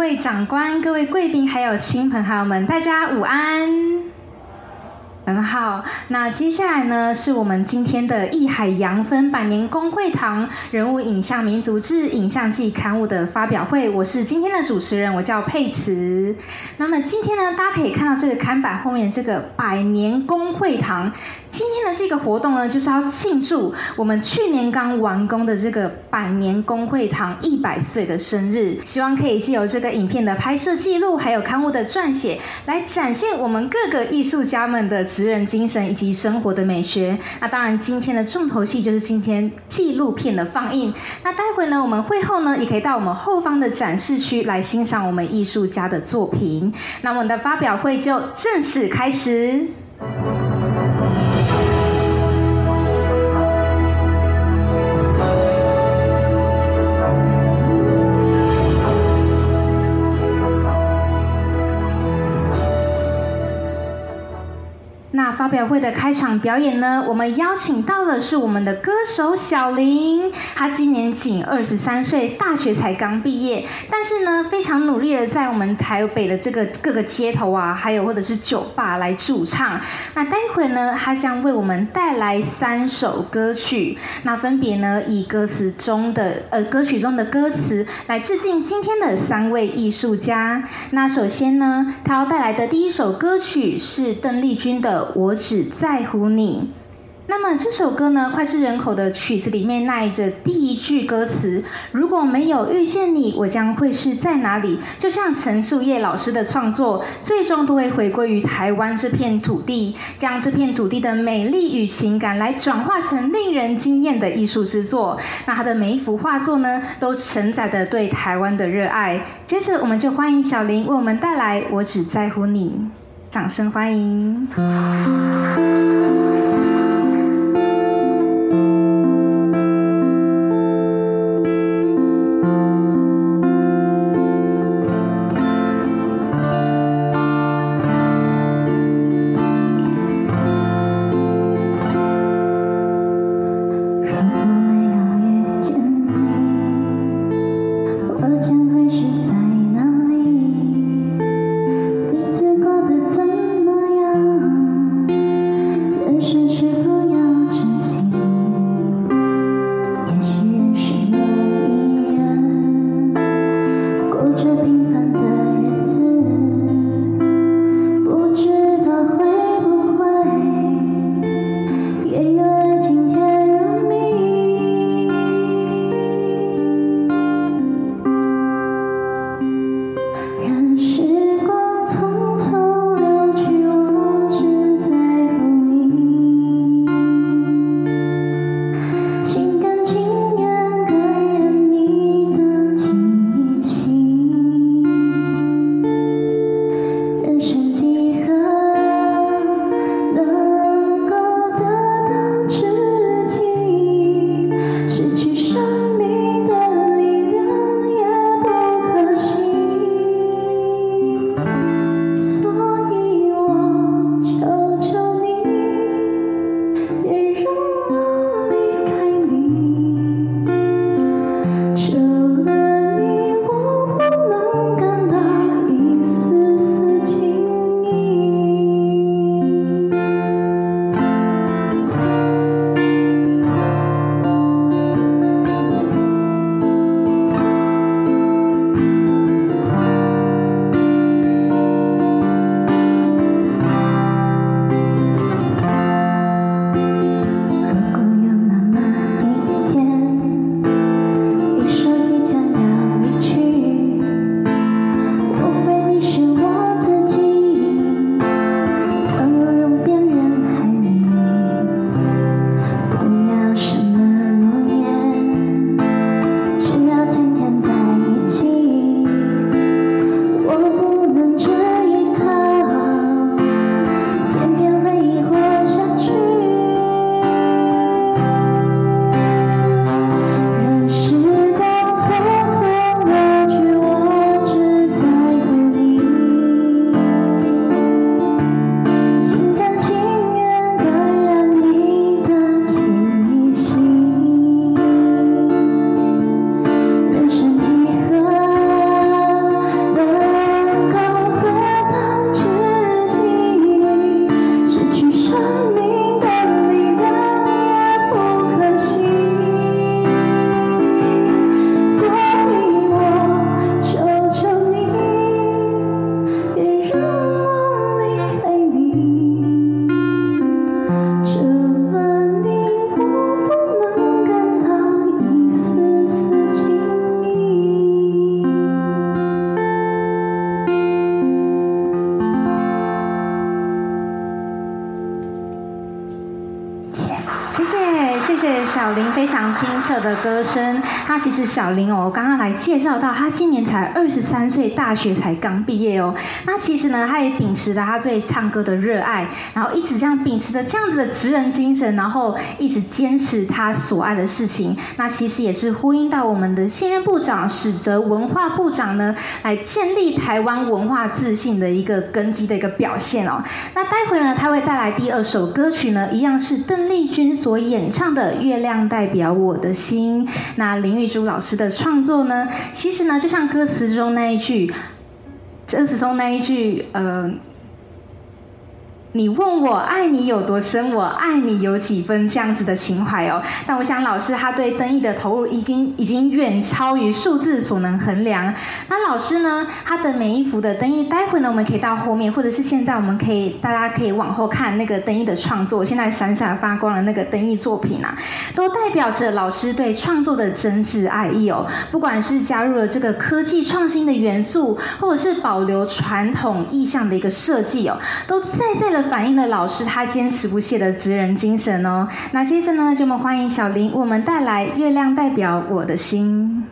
各位長官、各位貴賓，還有親朋好友們，大家午安！很、嗯、好，那接下來呢，是我們今天的藝海揚芬百年公會堂人物影像民族誌影像暨刊物的發表會。我是今天的主持人，我叫佩慈。那麼今天呢，大家可以看到這個看板後面這個百年公會堂，今天的這個活動呢，就是要慶祝我們去年剛完工的這個百年公會堂一百歲的生日。希望可以借由這個影片的拍攝記錄，還有刊物的撰寫，來展現我們各個藝術家們的職人精神以及生活的美學。那當然，今天的重頭戲就是今天紀錄片的放映。那待會呢，我們會後呢，也可以到我們後方的展示區來欣賞我們藝術家的作品。那我們的發表會就正式開始。發表會的開場表演呢，我們邀請到的是我們的歌手小林，他今年僅二十三歲，大學才剛畢業，但是呢非常努力的在我們台北的這個各個街頭啊，還有或者是酒吧來駐唱。那待會呢，他將為我們帶來三首歌曲，那分別呢以歌詞中的呃歌曲中的歌詞來致敬今天的三位藝術家。那首先呢，他要帶來的第一首歌曲是鄧麗君的《我》。我只在乎你。那麼這首歌呢，膾炙人口的曲子裡面那一句第一句歌詞：“如果沒有遇見你，我將會是在哪裡？”就像陳樹業老師的創作，最終都會回歸於台灣這片土地，將這片土地的美麗與情感來轉化成令人驚艷的藝術之作。那他的每一幅畫作呢，都承載着對台灣的熱愛。接着，我們就歡迎小林為我們帶來《我只在乎你》。掌聲歡迎。的歌聲。其實小林哦，我剛剛來介紹到，他今年才二十三歲，大學才剛畢業哦。那其實呢，他也秉持着他對唱歌的熱愛，然後一直這樣秉持着這樣子的職人精神，然後一直堅持他所愛的事情。那其實也是呼應到我們的現任部長史哲文化部長呢，來建立台灣文化自信的一個根基的一個表現哦。那待會呢，他會帶來第二首歌曲呢，一樣是鄧麗君所演唱的《月亮代表我的心》。那林玉。珠老師的創作呢，其實呢，就像歌詞中那一句，歌詞中那一句，呃、你問我愛你有多深，我愛你有幾分這樣子的情懷哦。但我想老師他對燈藝的投入已經已經遠超於數字所能衡量。那老師呢，他的每一幅的燈藝，待會呢我們可以到後面，或者是現在我們可以大家可以往後看那個燈藝的創作，現在閃閃發光的那個燈藝作品啊，都代表着老師對創作的真摯愛意哦。不管是加入了這個科技創新的元素，或者是保留傳統意象的一個設計哦，都在在了。反映了老師他堅持不懈的職人精神哦。那接着呢，就我們歡迎小林，我們帶來《月亮代表我的心》。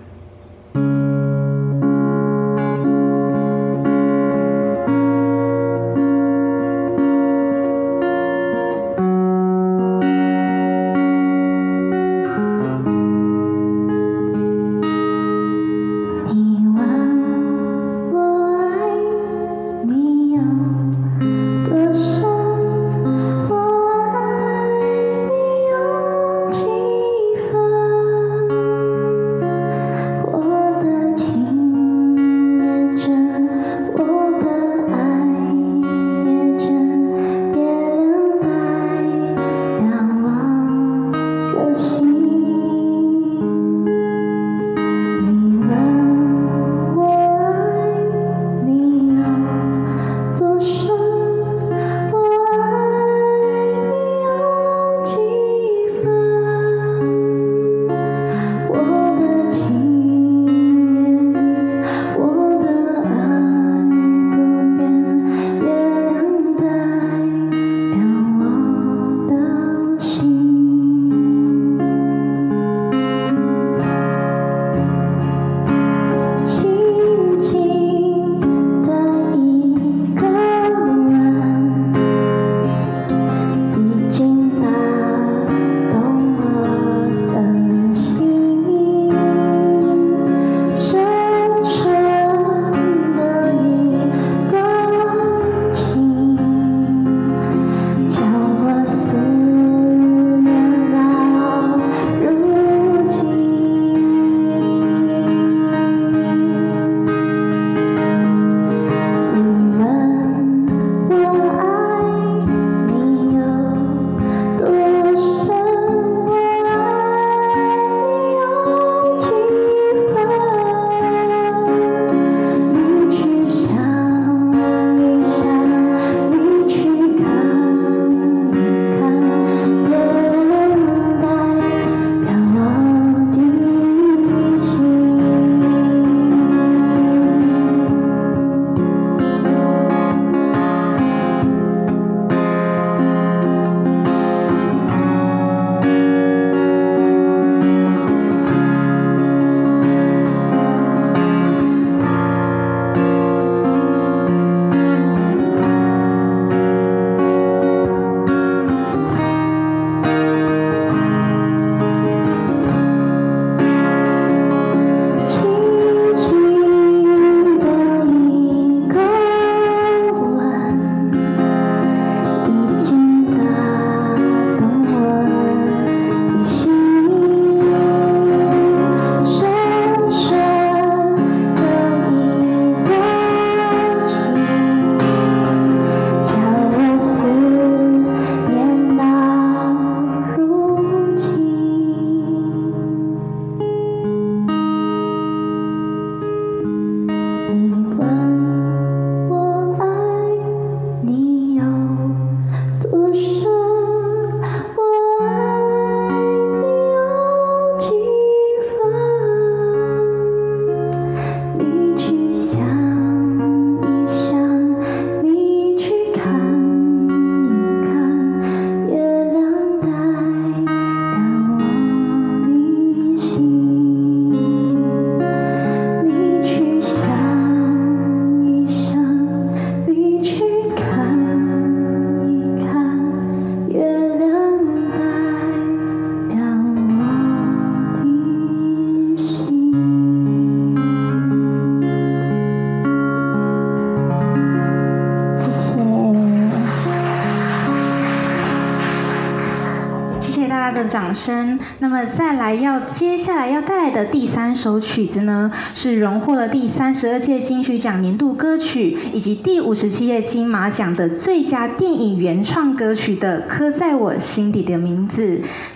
那麼再來要接下來要帶來的第三首曲子呢，是榮獲了第三十二屆金曲獎年度歌曲以及第五十七屆金馬獎的最佳電影原創歌曲的《刻在我心底的名字》。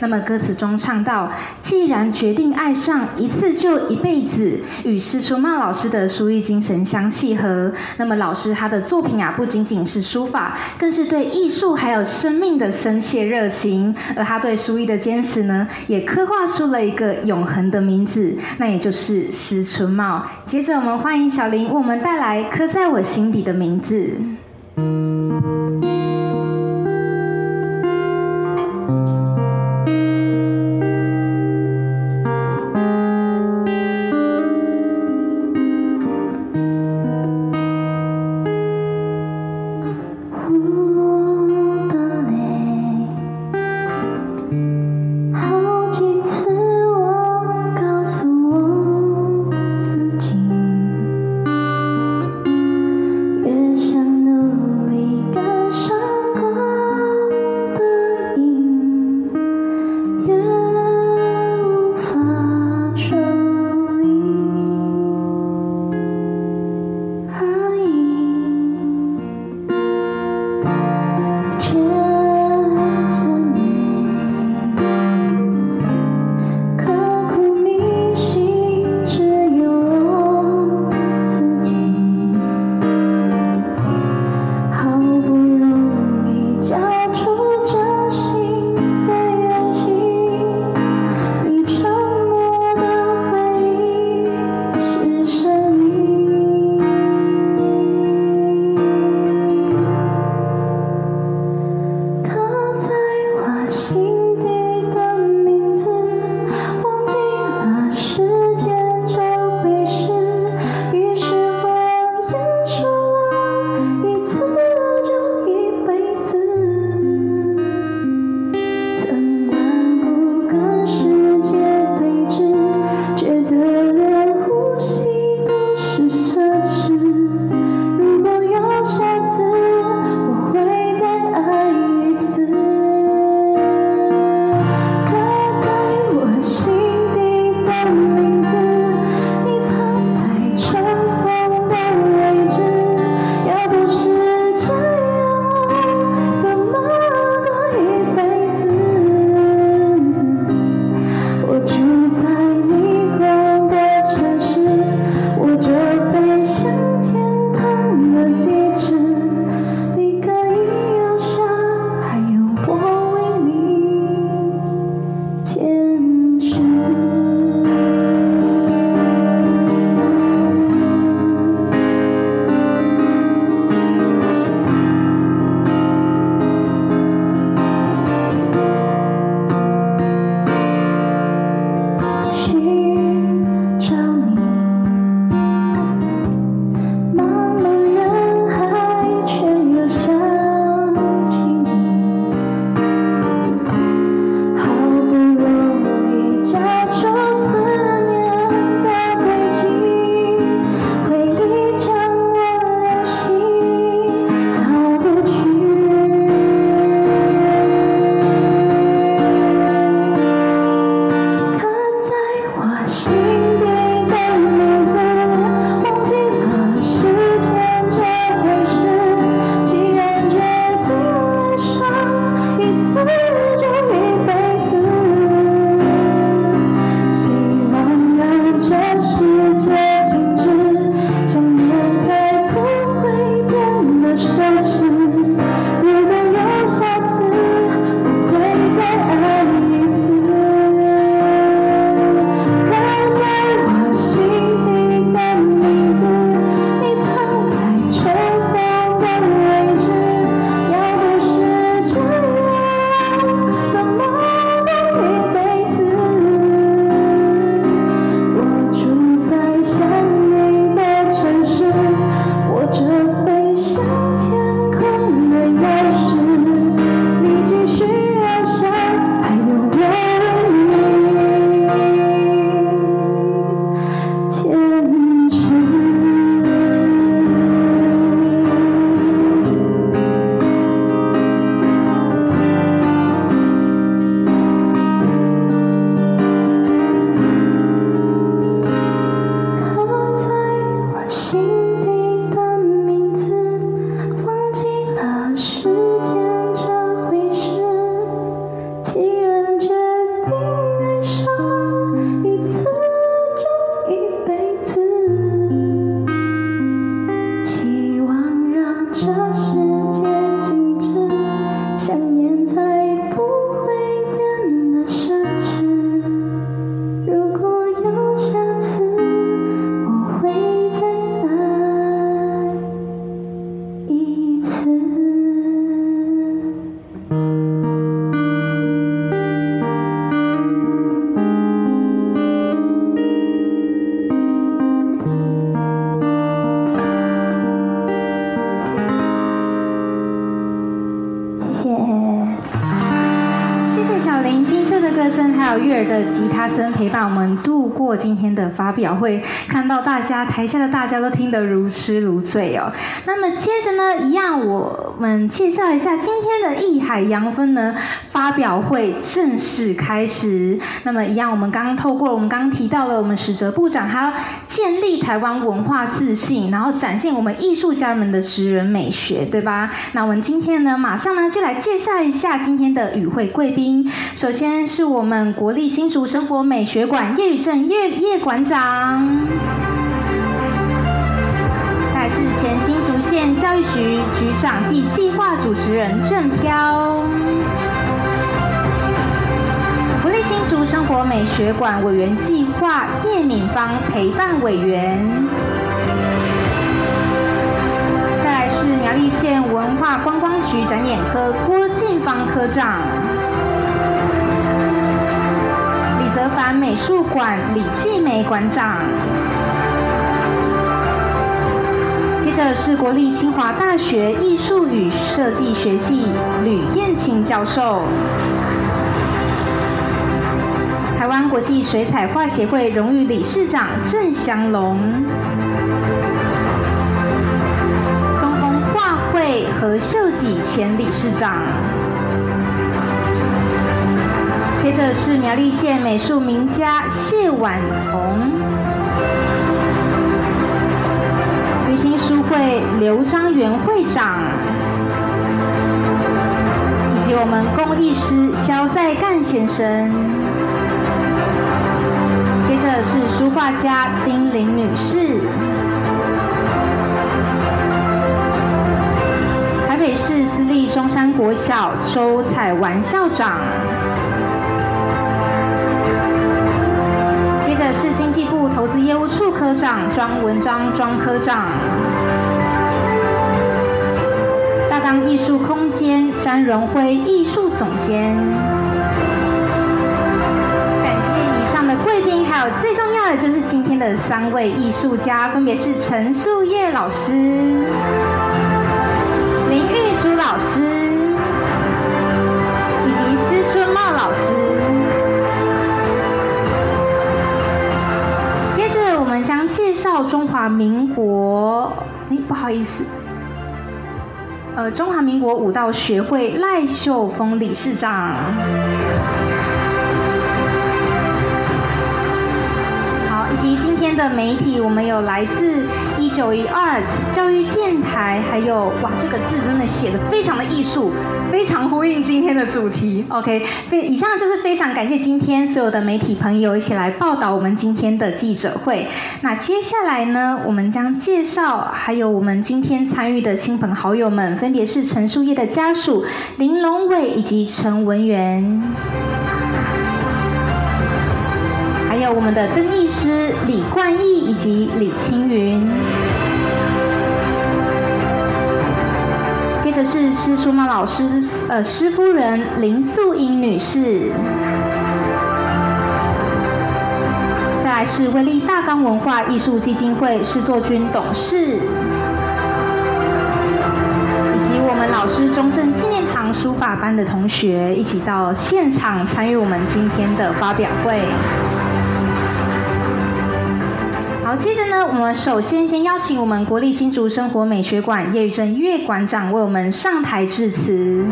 那麼歌詞中唱到“既然決定愛上，一次就一輩子”，與施春茂老師的書藝精神相契合。那麼老師他的作品啊，不僅僅是書法，更是對藝術還有生命的深切熱情。而他對書藝的堅持呢，也刻畫出了一個永恆的名字，那也就是施春茂。接着，我們歡迎小林為我們帶來《刻在我心底的名字》。陪伴我們度過今天的發表會，看到大家台下的大家都聽得如痴如醉哦。那麼接着呢，一樣我。我們介紹一下今天的藝海揚芬呢，發表會正式開始。那麼一樣，我們剛剛透過我們剛剛提到了，我們史哲部長還要建立台灣文化自信，然後展現我們藝術家們的職人美學，對吧？那我們今天呢，馬上呢就來介紹一下今天的與會貴賓。首先是我們國立新竹生活美學館葉宇正葉葉館長。縣教育局局長暨計劃主持人鄭飄，國立新竹生活美學館委員計劃葉敏芳陪伴委員，再來是苗栗縣文化觀光局展演科郭晉芳科長，李澤凡美術館李繼梅館長。接着是國立清華大學藝術與設計學系呂燕青教授，台灣國際水彩畫協會榮譽理事長鄭祥龍，松風畫會何秀吉前理事長，接着是苗栗縣美術名家謝婉彤會劉章元會長，以及我們工藝師肖在干先生，接着是書畫家丁玲女士，台北市私立中山國小周彩丸校長，接着是經濟部投資業務處科長莊文章莊科長。藝術空間詹榮輝藝術總監，感謝以上的貴賓，還有最重要的就是今天的三位藝術家，分別是陳樹業老師、林玉珠老師以及施春茂老師。接着，我們將介紹中華民國。哎，不好意思。呃，中華民國舞蹈學會賴秀峰理事長，好，以及今天的媒體，我們有來自。九一二教育電臺，還有哇，這個字真的寫的非常的藝術，非常呼應今天的主題。OK，以上就是非常感謝今天所有的媒體朋友一起來報道我們今天的記者會。那接下來呢，我們將介紹還有我們今天參與的親朋好友們，分別是陳樹業的家屬林龍偉以及陳文元，還有我們的燈藝師李冠毅以及李青云。這是施春茂老師，呃，師夫人林素英女士，再來是威力大岡文化藝術基金會施作軍董事，以及我們老師中正紀念堂書法班的同學，一起到現場參與我們今天的發表會。好，接着呢，我們首先先邀請我們國立新竹生活美學館葉玉珍越館長為我們上台致辭。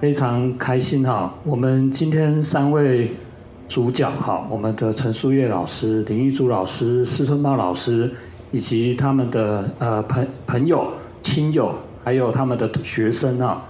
非常開心哈、哦，我們今天三位主角哈，我們的陳樹業老師、林玉珠老師、施春茂老師。以及他們的呃朋朋友、親友，還有他們的學生啊，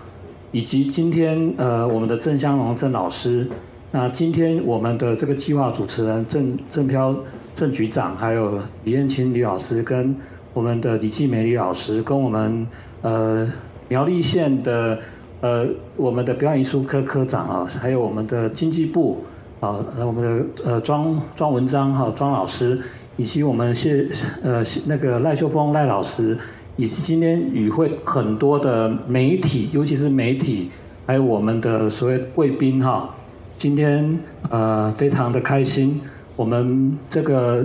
以及今天呃我們的鄭香龍鄭老師，那今天我們的這個計劃主持人鄭鄭飄鄭局長，還有李艷琴李老師跟我們的李繼梅李老師，跟我們，跟我們呃苗栗縣的呃我們的表演藝術科科長啊，還有我們的經濟部啊，我們的呃莊莊文章哈、啊、莊老師。以及我們謝呃那個賴秀峰賴老師，以及今天與會很多的媒體，尤其是媒體，還有我們的所謂貴賓哈，今天呃非常的開心，我們這個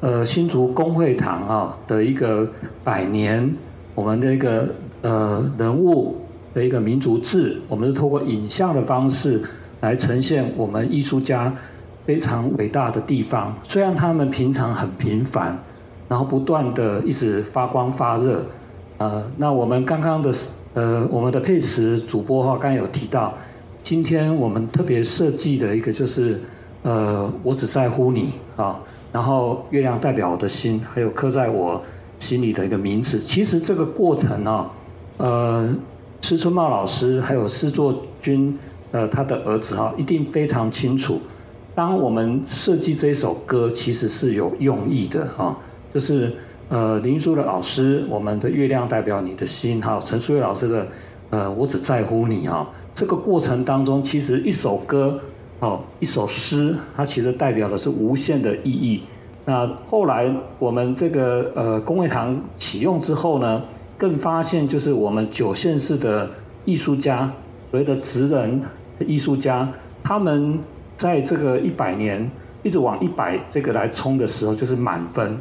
呃新竹公會堂啊的一個百年，我們的、那、一個呃人物的一個民族志，我們是透過影像的方式來呈現我們藝術家。非常偉大的地方，雖然他們平常很平凡，然後不斷的一直發光發熱，呃，那我們剛剛的呃我們的佩慈主播哈、哦，剛剛有提到，今天我們特別設計的一個就是，呃，我只在乎你啊、哦，然後月亮代表我的心，還有刻在我心裡的一個名字，其實這個過程啊、哦，呃，施春茂老師還有施作軍，呃，他的兒子哈、哦，一定非常清楚。當我們設計這一首歌，其實是有用意的哈，就是呃林書的老師，我們的月亮代表你的心哈，陳淑樺老師的呃我只在乎你哈、哦，這個過程當中，其實一首歌哦，一首詩，它其實代表的是無限的意義。那後來我們這個呃公會堂啟用之後呢，更發現就是我們九縣市的藝術家，所謂的詞人、藝術家，他們。在這個一百年一直往一百這個來衝的時候，就是滿分。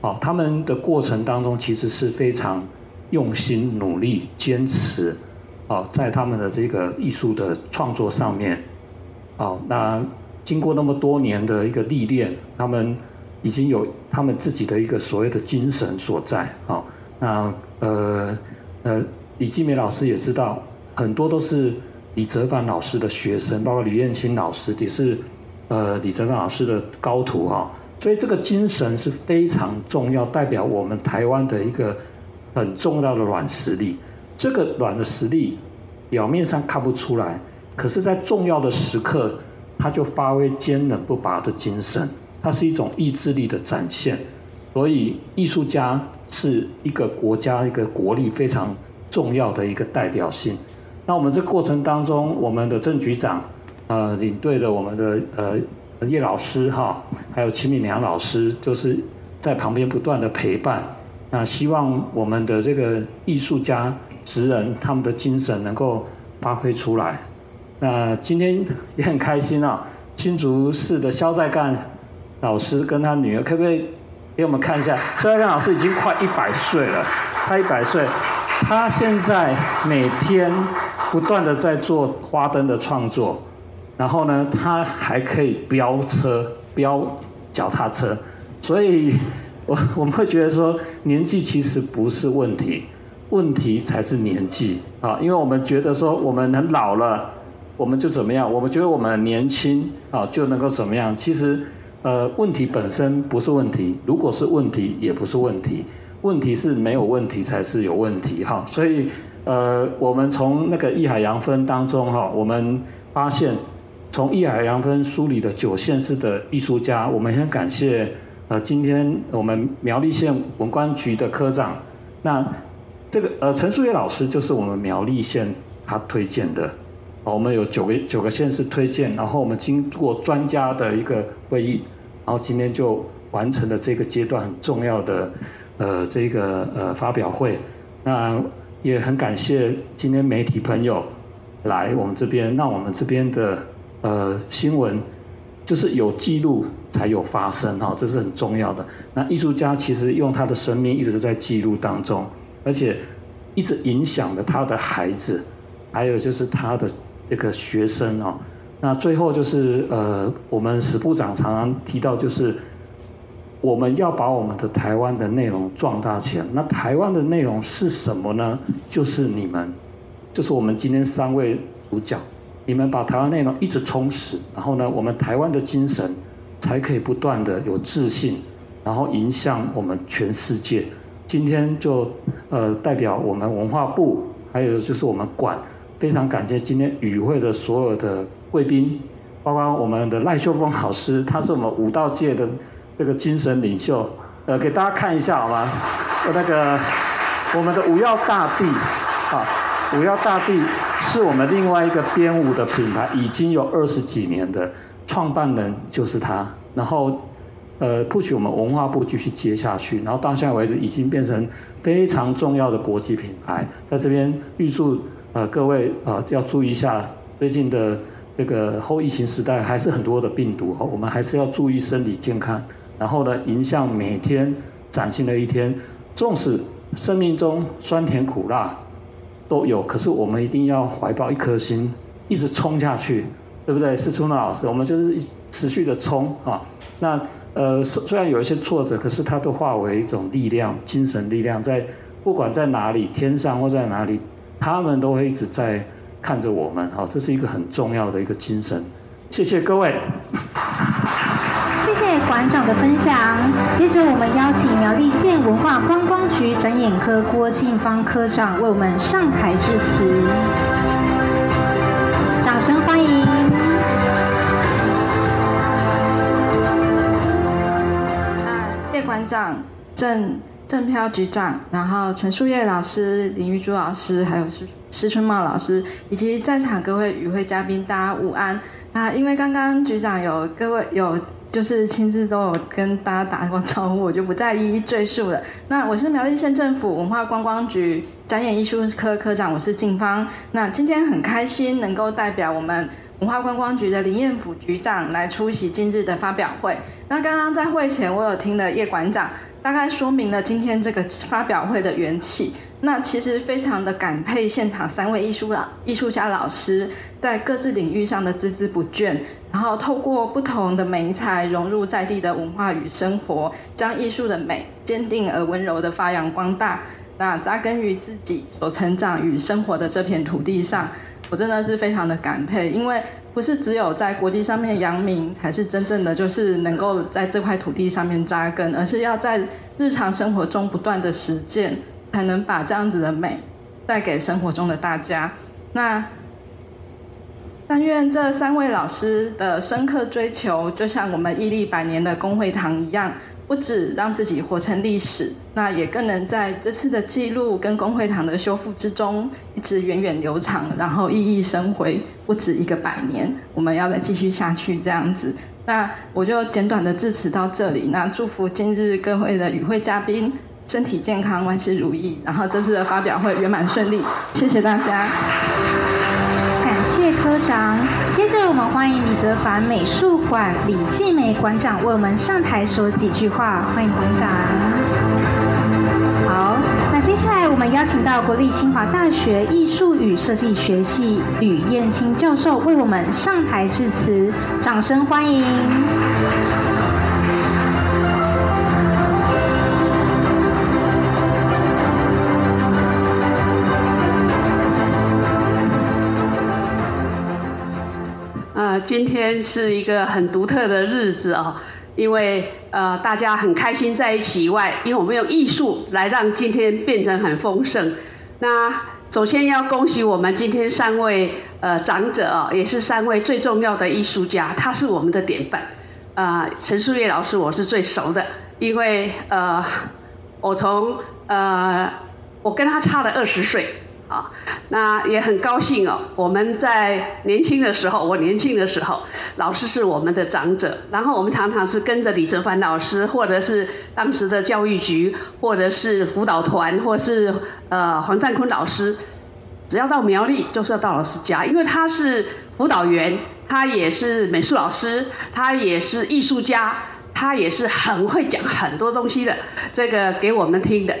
哦，他們的過程當中其實是非常用心、努力、堅持。哦，在他們的這個藝術的創作上面，哦，那經過那麼多年的一個歷練，他們已經有他們自己的一個所謂的精神所在。哦，那呃呃，李繼梅老師也知道，很多都是。李澤藩老師的學生，包括李硯青老師，也是呃李澤藩老師的高徒啊、哦。所以這個精神是非常重要，代表我們台灣的一個很重要的軟實力。這個軟的實力表面上看不出來，可是在重要的時刻，他就發揮堅韌不拔的精神，它是一種意志力的展現。所以藝術家是一個國家一個國力非常重要的一個代表性。那我們這過程當中，我們的正局長，呃，領隊的我們的呃葉老師哈、哦，還有秦敏良老師，就是在旁邊不斷的陪伴。那希望我們的這個藝術家、職人，他們的精神能夠發揮出來。那今天也很開心啊、哦，新竹市的肖再干老師跟他女兒，可以不可以給我們看一下？肖再干老師已經快一百歲了，他一百歲，他現在每天。不斷地在做花燈的創作，然後呢，他還可以飆車、飆腳踏車，所以我我們會覺得說，年紀其實不是問題，問題才是年紀啊。因為我們覺得說，我們很老了，我們就怎麼樣？我們覺得我們很年輕啊，就能夠怎麼樣？其實，呃，問題本身不是問題，如果是問題也不是問題，問題是沒有問題才是有問題哈。所以。呃，我們從那個藝海揚芬當中哈、哦，我們發現從藝海揚芬梳理的九縣市的藝術家，我們很感謝呃，今天我們苗栗縣文觀局的科長，那這個呃陳樹業老師就是我們苗栗縣他推薦的，哦、我們有九個九個縣市推薦，然後我們經過專家的一個會議，然後今天就完成了這個階段很重要的呃這個呃發表會，那。也很感謝今天媒體朋友來我們這邊，那我們這邊的呃新聞，就是有記錄才有發生哈，這是很重要的。那藝術家其實用他的生命一直在記錄當中，而且一直影響着他的孩子，還有就是他的這個學生哦。那最後就是呃，我們史部長常常提到就是。我們要把我們的台灣的內容壯大起來。那台灣的內容是什麼呢？就是你們，就是我們今天三位主角，你們把台灣內容一直充實，然後呢，我們台灣的精神才可以不斷地有自信，然後影響我們全世界。今天就呃代表我們文化部，還有就是我們館，非常感謝今天與會的所有的貴賓，包括我們的賴秀峰老師，他是我們武道界的。這個精神領袖，呃，給大家看一下好嗎？ 那個我們的舞躍大地，啊，舞躍大地是我們另外一個編舞的品牌，已經有二十幾年的創辦人就是他。然後，呃，不許我們文化部繼續接下去。然後到現在為止，已經變成非常重要的國際品牌。在這邊預祝呃各位啊，呃、要注意一下，最近的這個後疫情時代還是很多的病毒，哦、我們還是要注意身體健康。然後呢，迎向每天嶄新的一天，縱使生命中酸甜苦辣都有，可是我們一定要懷抱一顆心，一直衝下去，對不對？是春娜老師，我們就是持續的衝啊。那呃，雖然有一些挫折，可是它都化為一種力量，精神力量，在不管在哪裡，天上或在哪裡，他們都會一直在看着我們啊。這是一個很重要的一個精神。謝謝各位。謝謝館長的分享。接着，我們邀請苗栗縣文化觀光局展演科郭慶芳科長為我們上台致辭，掌聲歡迎。啊、呃，葉館長、鄭鄭飄局長，然後陳樹業老師、林玉珠老師，還有施施春茂老師，以及在場各位與會嘉賓，大家午安。啊、呃，因為剛剛局長有各位有。就是親自都有跟大家打過招呼，我就不再一一贅述了。那我是苗栗縣政府文化觀光局展演藝術科科長，我是靜芳。那今天很開心能夠代表我們文化觀光局的林彥甫局長來出席今日的發表會。那剛剛在會前，我有聽了葉館長。大概說明了今天這個發表會的緣起。那其實非常的感佩現場三位藝術老藝術家老師在各自領域上的孜孜不倦，然後透過不同的媒材融入在地的文化與生活，將藝術的美堅定而溫柔的發揚光大。那扎根於自己所成長與生活的這片土地上，我真的是非常的感佩，因為不是只有在國際上面揚名，才是真正的，就是能夠在這塊土地上面扎根，而是要在日常生活中不斷的實踐，才能把這樣子的美帶給生活中的大家。那但願這三位老師的深刻追求，就像我們屹立百年的公會堂一樣。不止讓自己活成歷史，那也更能在這次的記錄跟公會堂的修復之中，一直源遠流長，然後熠熠生輝，不止一個百年，我們要再繼續下去這樣子。那我就簡短的致辭到這裡。那祝福今日各位的與會嘉賓身體健康，萬事如意。然後這次的發表會圓滿順利。謝謝大家。謝科長，接着我們歡迎李澤藩美術館李季眉館長為我們上台說幾句話，歡迎館長。好，那接下來我們邀請到國立清華大學藝術與設計學系呂燕卿教授為我們上台致辭，掌聲歡迎。今天是一個很獨特的日子哦，因為呃大家很開心在一起以外，因為我們用藝術來讓今天變得很豐盛。那首先要恭喜我們今天三位呃長者哦，也是三位最重要的藝術家，他是我們的典範。啊、呃，陳樹業老師我是最熟的，因為呃我從呃我跟他差了二十歲。啊，那也很高興哦。我們在年輕的時候，我年輕的時候，老師是我們的長者，然後我們常常是跟着李澤藩老師，或者是當時的教育局，或者是輔導團，或者是呃黃占坤老師，只要到苗栗就是要到老師家，因為他是輔導員，他也是美術老師，他也是藝術家，他也是很會講很多東西的，這個給我們聽的。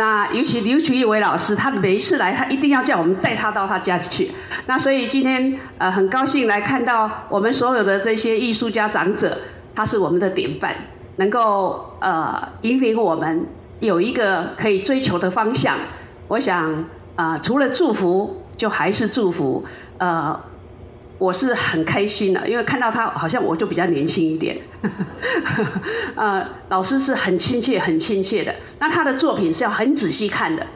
那尤其劉一位老師，他每一次來，他一定要叫我們帶他到他家裡去。那所以今天呃很高興來看到我們所有的這些藝術家長者，他是我們的典範，能夠呃引領我們有一個可以追求的方向。我想呃，除了祝福，就還是祝福呃。我是很開心的，因為看到他好像我就比較年輕一點。 呃，老師是很親切、很親切的。那他的作品是要很仔細看的，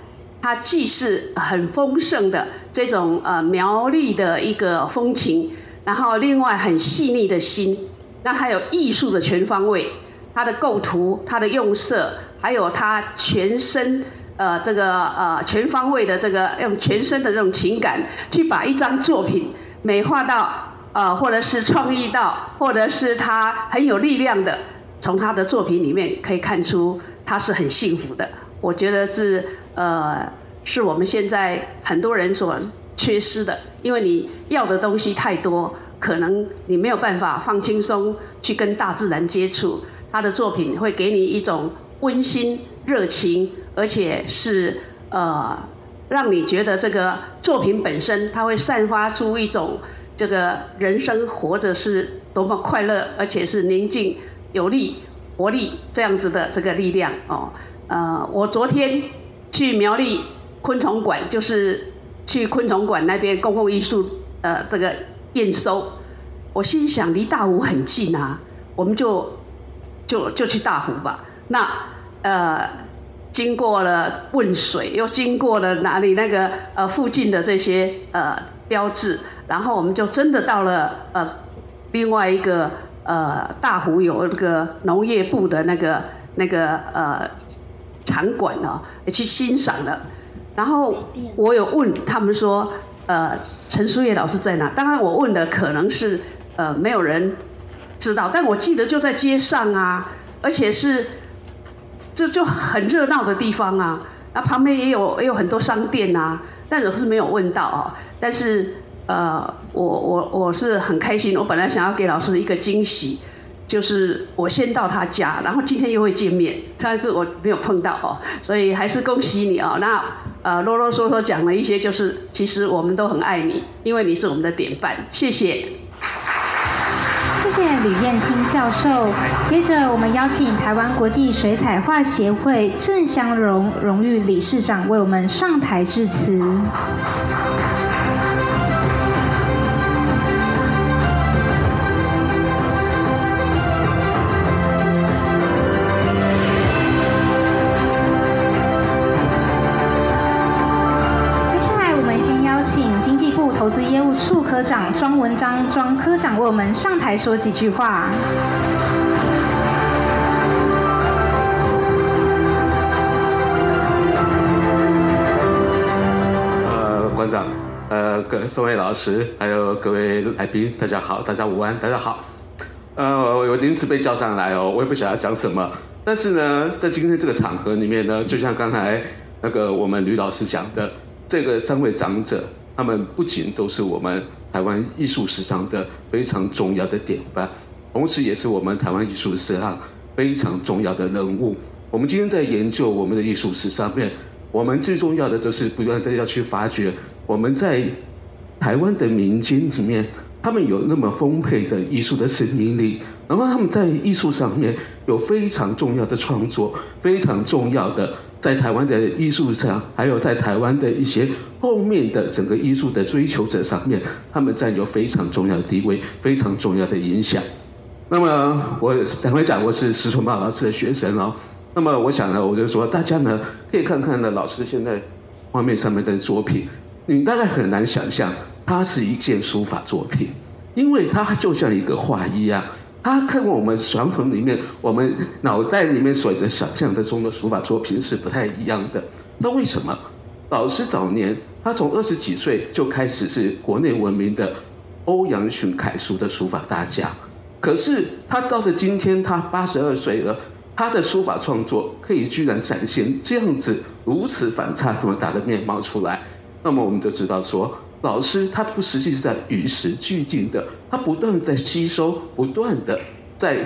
他既是很豐盛的這種呃苗栗的一個風情，然後另外很細膩的心，那他有藝術的全方位，他的構圖、他的用色，還有他全身呃這個呃全方位的這個用全身的這種情感去把一張作品美化到，呃，或者是創意到，或者是他很有力量的，從他的作品裡面可以看出他是很幸福的。我覺得是，呃，是我們現在很多人所缺失的，因為你要的東西太多，可能你沒有辦法放輕鬆去跟大自然接觸。他的作品會給你一種溫馨、熱情，而且是，呃。讓你覺得這個作品本身，它會散發出一種這個人生活着是多麼快樂，而且是寧靜、有力、活力這樣子的這個力量哦。呃，我昨天去苗栗昆蟲館，就是去昆蟲館那邊公共藝術呃這個驗收。我心想離大湖很近啊，我們就就就去大湖吧。那呃。經過了汶水，又經過了哪裡？那個呃，附近的這些呃標誌，然後我們就真的到了呃另外一個呃大湖，有那個農業部的那個那個呃場館呢、哦，去欣賞了。然後我有問他們說，呃，陳樹業老師在哪？當然我問的可能是呃，沒有人知道，但我記得就在街上啊，而且是。這就很熱鬧的地方啊，那旁邊也有也有很多商店啊。但老是沒有問到哦。但是，呃，我我我是很開心。我本來想要給老師一個驚喜，就是我先到他家，然後今天又會見面，但是我沒有碰到哦。所以還是恭喜你哦。那呃囉囉嗦嗦講了一些，就是其實我們都很愛你，因為你是我們的典範。謝謝。謝謝呂燕青教授。接着，我們邀請台灣國際水彩畫協會鄭相榮榮譽理事長為我們上台致辭。副處科長莊文章、莊科長為我們上台說幾句話。呃，館長，呃，各位老師，還有各位來賓，大家好，大家午安，大家好。呃，我我臨時被叫上來哦，我也不曉得講什麼，但是呢，在今天這個場合裡面呢，就像剛才那個我們呂老師講的，這個三位長者。他們不僅都是我們台灣藝術史上的非常重要的典範，同時也是我們台灣藝術史上非常重要的人物。我們今天在研究我們的藝術史上面，我們最重要的就是不斷的要去發掘我們在台灣的民間裡面，他們有那麼豐沛的藝術的生命力，然後他們在藝術上面有非常重要的創作，非常重要的。在台灣的藝術上，還有在台灣的一些後面的整個藝術的追求者上面，他們佔有非常重要的地位，非常重要的影響。嗯、那麼我想講沒講，我是施春茂老師的學生啊、哦？那麼我想呢，我就說大家呢可以看看呢，老師現在畫面上面的作品，你大概很難想象它是一件書法作品，因為它就像一個畫一樣。他看過我們傳統裡面，我們腦袋裡面所着想象的中的書法作品是不太一樣的。那為什麼？老師早年他從二十幾歲就開始是國內聞名的歐陽詢楷書的書法大家，可是他到了今天他八十二歲了，他的書法創作可以居然展現這樣子如此反差這麼大的面貌出來。那麼我們就知道說，老師他不實際是在與時俱進的。他不斷在吸收，不斷的在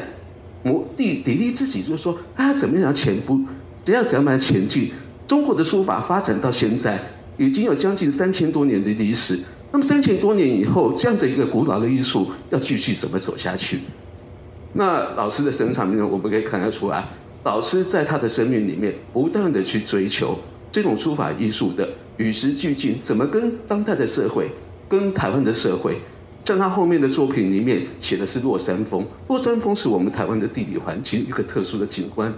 磨礪砥礪自己，就說他怎麼樣前不只要怎麼前進。中國的書法發展到現在已經有將近三千多年的歷史，那麼三千多年以後，這樣的一個古老的藝術要繼續怎麼走下去？那老師的身上面我們可以看得出來，老師在他的生命裡面不斷的去追求這種書法藝術的與時俱進，怎麼跟當代的社會，跟台灣的社會。在他後面的作品裡面寫的是落山風，落山風是我們台灣的地理環境一個特殊的景觀，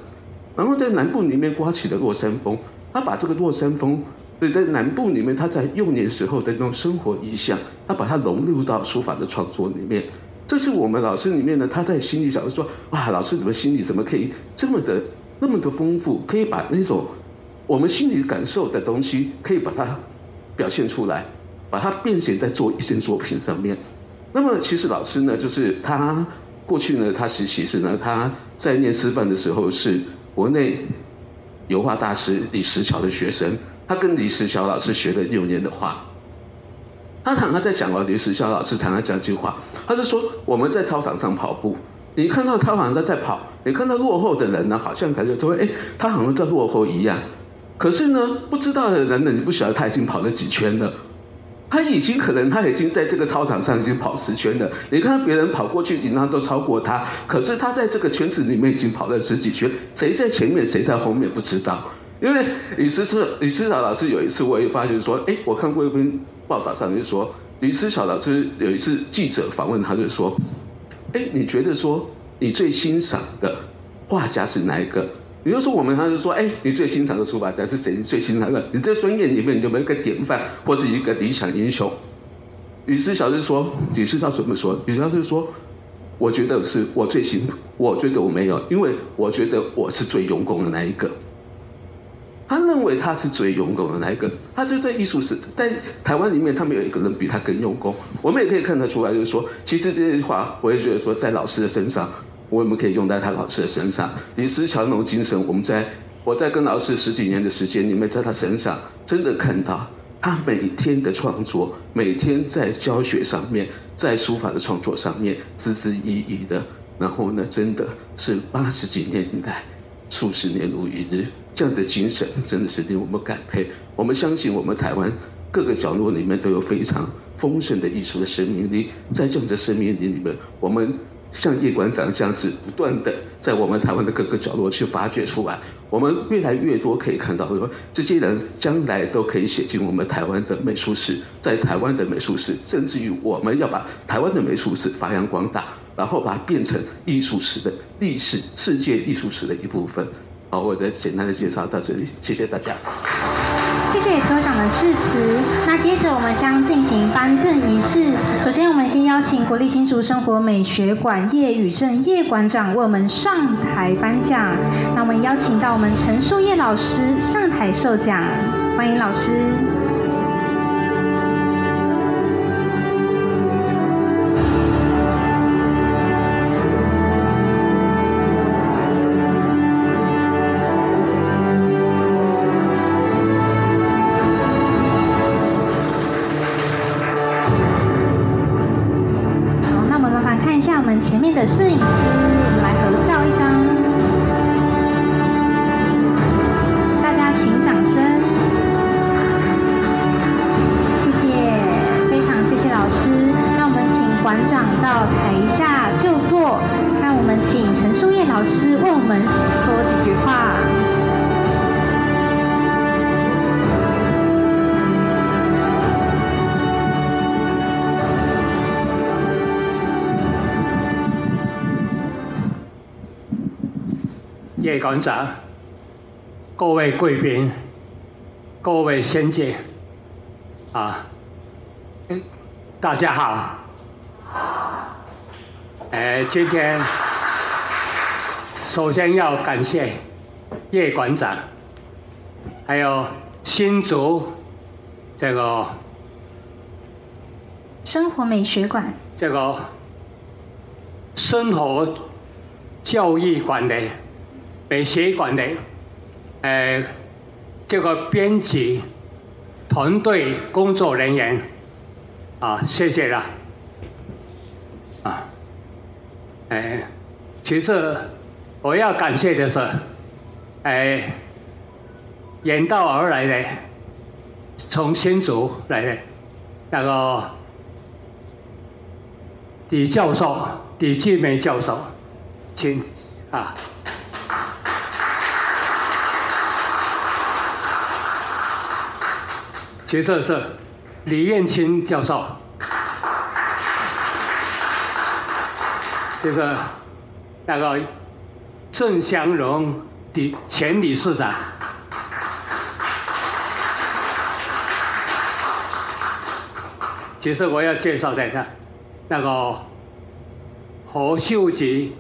然後在南部裡面颳起了落山風，他把這個落山風，對，在南部裡面，他在幼年時候的那種生活意象，他把它融入到書法的創作裡面，這是我們老師裡面呢，他在心裡想說，哇，老師怎麼心裡怎麼可以這麼的那麼的豐富，可以把那種我們心裡感受的東西可以把它表現出來。把它變形在做一件作品上面。那麼，其實老師呢，就是他過去呢，他其實呢，他在念師範的時候是國內油畫大師李石樵的學生。他跟李石樵老師學了六年的畫。他常常在講啊，李石樵老師常常講一句話，他就說我們在操場上跑步，你看到操場上在跑，你看到落後的人呢，好像感覺都會哎，他好像在落後一樣。可是呢，不知道的人呢，你不曉得他已經跑了幾圈了。他已經可能他已經在這個操場上已經跑十圈了。你看別人跑過去，你那都超過他。可是他在這個圈子裡面已經跑了十幾圈，誰在前面，誰在後面不知道。因為李石樵、李石樵老師有一次，我也發覺說，哎，我看過一篇報道上就說，李石樵老師有一次記者訪問他就說，哎，你覺得說你最欣賞的畫家是哪一個？比如說，我們他就說：“哎、欸，你最欣賞的書法家是誰？你最欣賞哪個？你這專業裡面你有沒有一個典範，或是一個理想英雄？”於是小就說：“於是他怎麼說，於是他就說，我覺得是我最欣賞，我覺得我沒有，因為我覺得我是最用功的那一個。他認為他是最用功的那一個，他就在藝術史在台灣裡面，他沒有一個人比他更用功。我們也可以看得出來，就是說，其實這些話，我也覺得說，在老師的身上。”我們可以用在他老師的身上，李石樵農精神。我們在，我在跟老師十幾年的時間裡面，你們在他身上真的看到，他每天的創作，每天在教學上面，在書法的創作上面，孜孜以意的，然後呢，真的是八十幾年代，數十年如一日，這樣的精神真的是令我們感佩。我們相信，我們台灣各個角落裡面都有非常豐盛的藝術的生命力，在這樣的生命力裡面，我們。像葉館長這樣子，不斷的在我們台灣的各個角落去發掘出來，我們越來越多可以看到說，這些人將來都可以寫進我們台灣的美術史，在台灣的美術史，甚至於我們要把台灣的美術史發揚光大，然後把它變成藝術史的歷史，世界藝術史的一部分。好，我再簡單的介紹到這裡，謝謝大家。謝謝科長的致辭。那接着我們將進行頒贈儀式。首先，我們先邀請國立新竹生活美學館葉宇正葉館長為我們上台頒獎。那我們邀請到我們陳樹業老師上台授獎，歡迎老師。是。館長、各位貴賓、各位先進啊、欸，大家好。哎、欸，今天首先要感謝葉館長，還有新竹這個生活美學館，這個生活教育館的。美學館的，誒、呃，這個編輯團隊工作人員，啊，謝謝了，啊，哎、呃，其次，我要感謝的是，哎、呃，遠道而來的，從新竹來的那個李教授，李志梅教授，請，啊。其次是李燕青教授，就是那個鄭祥榮的前理事長。其實我要介紹大家，那個何秀吉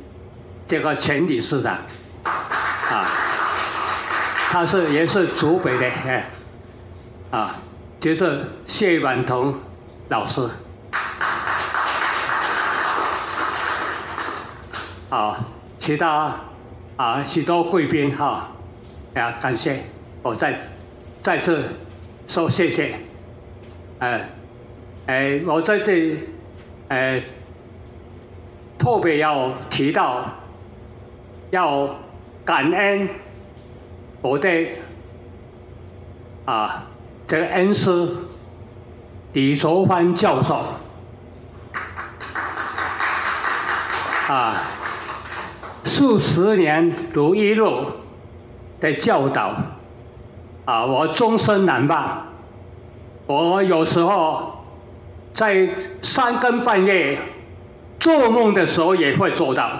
這個前理事長，啊，他是也是竹北的哎，啊。就是謝婉彤老師，好、啊，其他啊許多貴賓哈、啊，也、啊、感謝我再再次說謝謝，哎哎，我在這哎特別要提到要感恩我的啊。這個恩師李卓藩教授，啊，數十年如一日的教導，啊，我終身難忘。我有時候在三更半夜做夢的時候也會做到，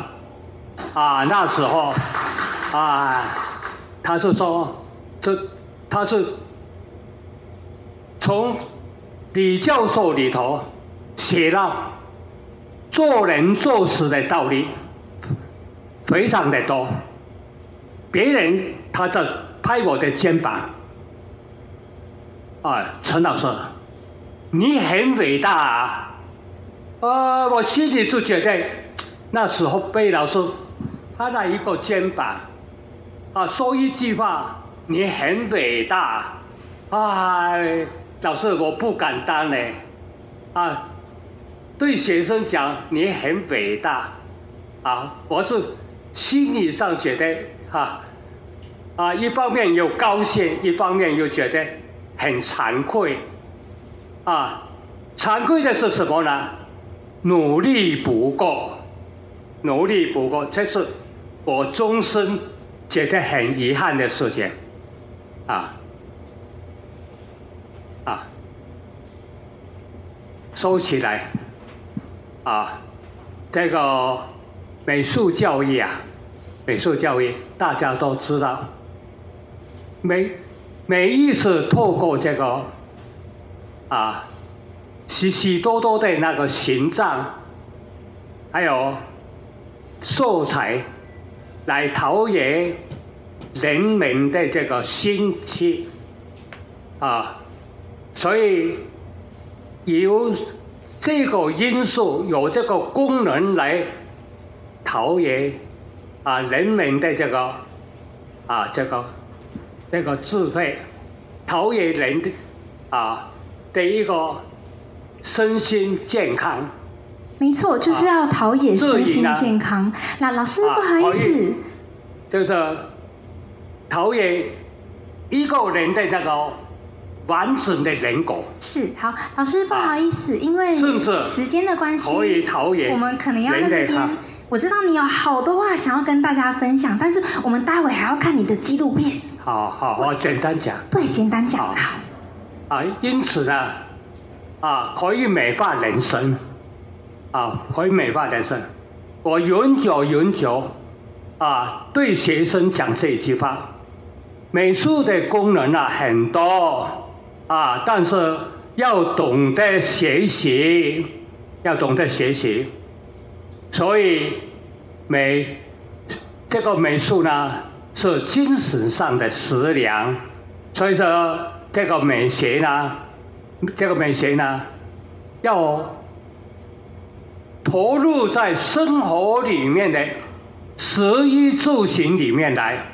啊，那時候，啊，他是說，這他是。從李教授裡頭學到做人做事的道理非常的多。別人他在拍我的肩膀，啊，陳老師，你很偉大啊！啊，我心裡就覺得那時候被老師他那一個肩膀，啊，說一句話，你很偉大，啊。老師，我不敢當呢。啊，對學生講你很偉大，啊，我是心理上覺得哈、啊，啊，一方面又高興，一方面又覺得很慚愧，啊，慚愧的是什麼呢？努力不夠，努力不夠，這是我終身覺得很遺憾的事情，啊。啊，收起來啊！這個美術教育啊，美術教育大家都知道。每每一次透過這個啊，許許多多的那個形狀，還有色彩，來陶冶人們的這個心情啊。所以，有這個因素，有這個功能來陶冶啊人們的這個啊這個這個智慧，陶冶人的啊的一個身心健康。沒錯，就是要陶冶身心健康。那老師不好意思，就是陶冶一個人的這、那個。完整的人格是。好，老師不好意思，啊、因為時間的關係，陶冶，我們可能要在這邊。我知道你有好多話想要跟大家分享，但是我們待會還要看你的紀錄片。好好，好，我簡單講。對，簡單講。好啊，因此呢，啊，可以美化人生，啊，可以美化人生。我永久永久啊，對學生講這一句話。美術的功能啊，很多。啊！但是要懂得學習，要懂得學習。所以美這個美術呢，是精神上的食糧。所以說，這個美學呢，這個美學呢，要投入在生活裡面的，食衣住行裡面來，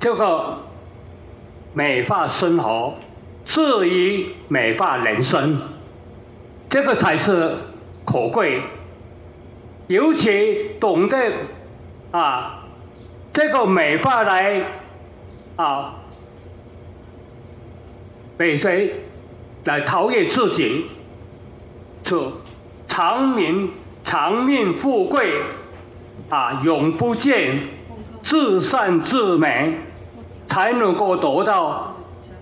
這個美化生活。至於美化人生，這個才是可貴。尤其懂得啊，這個美化來啊，為誰來陶冶自己，使長命、長命富貴啊，永不見至善至美，才能夠得到。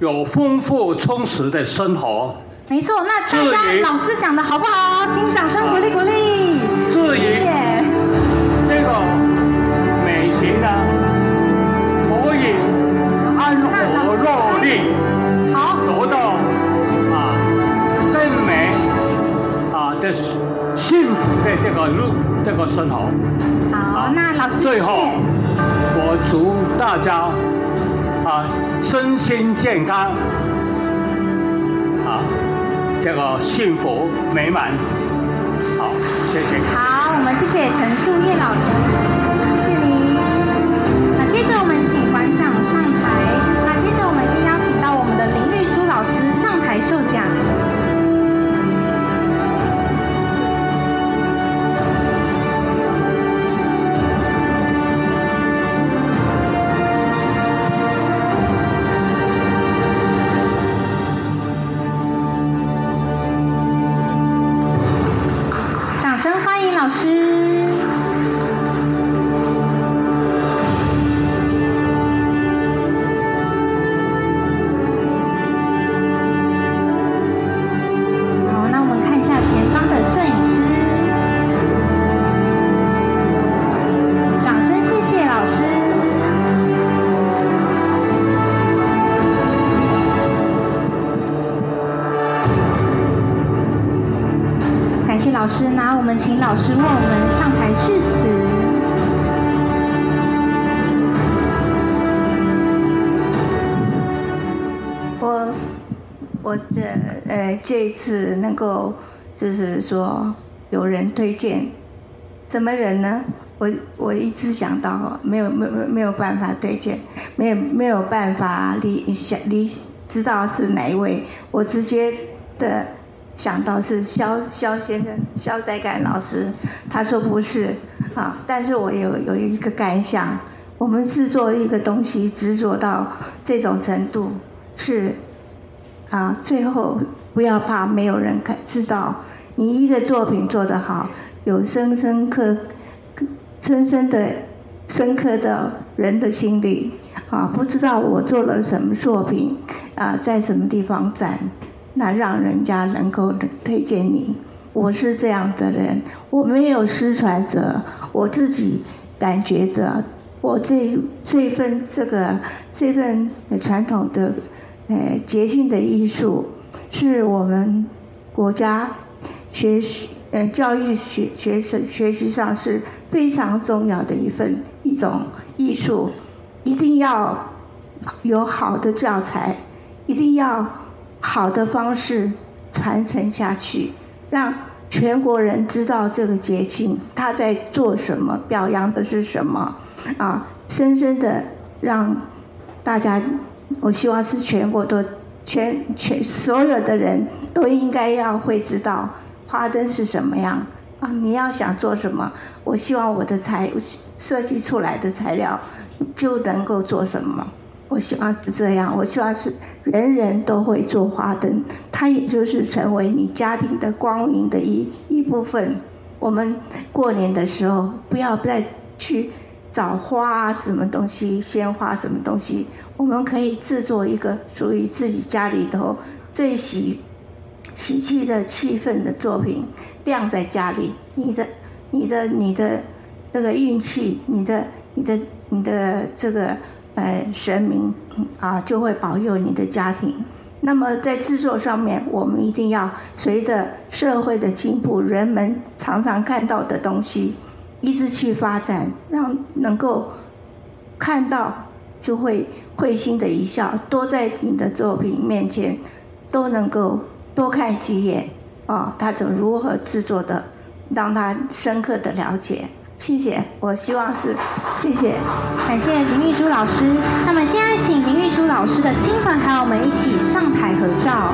有豐富充實的生活。沒錯，那大家老師講得好不好？請掌聲鼓勵、啊、鼓勵。自娛，這個美型的可以安和樂利，得到好啊更美啊的幸福的這個路，這個生活。好，那老師、啊、最後謝謝我祝大家。啊，身心健康，啊，這個幸福美滿，好，謝謝。好，我們謝謝陳樹業老師，謝謝您。那接着我們請館長上台，那接着我們先邀請到我們的林玉珠老師上台授獎。這一次能夠，就是說有人推薦，什麼人呢？我我一直想到沒有沒有沒有辦法推薦，沒有沒有辦法理想理知道是哪一位。我直接的想到是肖肖先生肖再干老師，他說不是啊，但是我有有一個感想，我們制作一個東西執着到這種程度，是啊，最後。不要怕沒有人知道你一個作品做得好，有深深刻、深深的、深刻的人的心理，啊！不知道我做了什麼作品啊，在什麼地方展，那讓人家能夠推薦你。我是這樣的人，我沒有失傳者，我自己感覺的，我這這份這個這份傳統的呃捷、哎、性的藝術。是我們國家學嗯教育學學生學習上是非常重要的一份一種藝術，一定要有好的教材，一定要好的方式傳承下去，讓全國人知道這個節慶他在做什麼，表揚的是什麼啊，深深的讓大家，我希望是全國都。全全所有的人都應該要會知道花燈是什麼樣啊！你要想做什麼，我希望我的材設計出來的材料就能夠做什麼。我希望是這樣，我希望是人人都會做花燈，它也就是成為你家庭的光明的一一部分。我們過年的時候，不要再去。找花啊、什麼東西，鮮花什麼東西，我們可以制作一個屬於自己家裡頭最喜喜氣的氣氛的作品，晾在家裡，你的、你的、你的那、這個運氣，你的、你的、你的這個呃神明啊，就會保佑你的家庭。那麼在制作上面，我們一定要隨着社會的進步，人們常常看到的東西。一直去發展，讓能夠看到就會會心的一笑。多在你的作品面前都能夠多看幾眼，哦，他怎麼如何制作的，讓他深刻的了解。謝謝，我希望是，謝謝，感謝林玉珠老師。那麼現在請林玉珠老師的親朋好友們一起上台合照。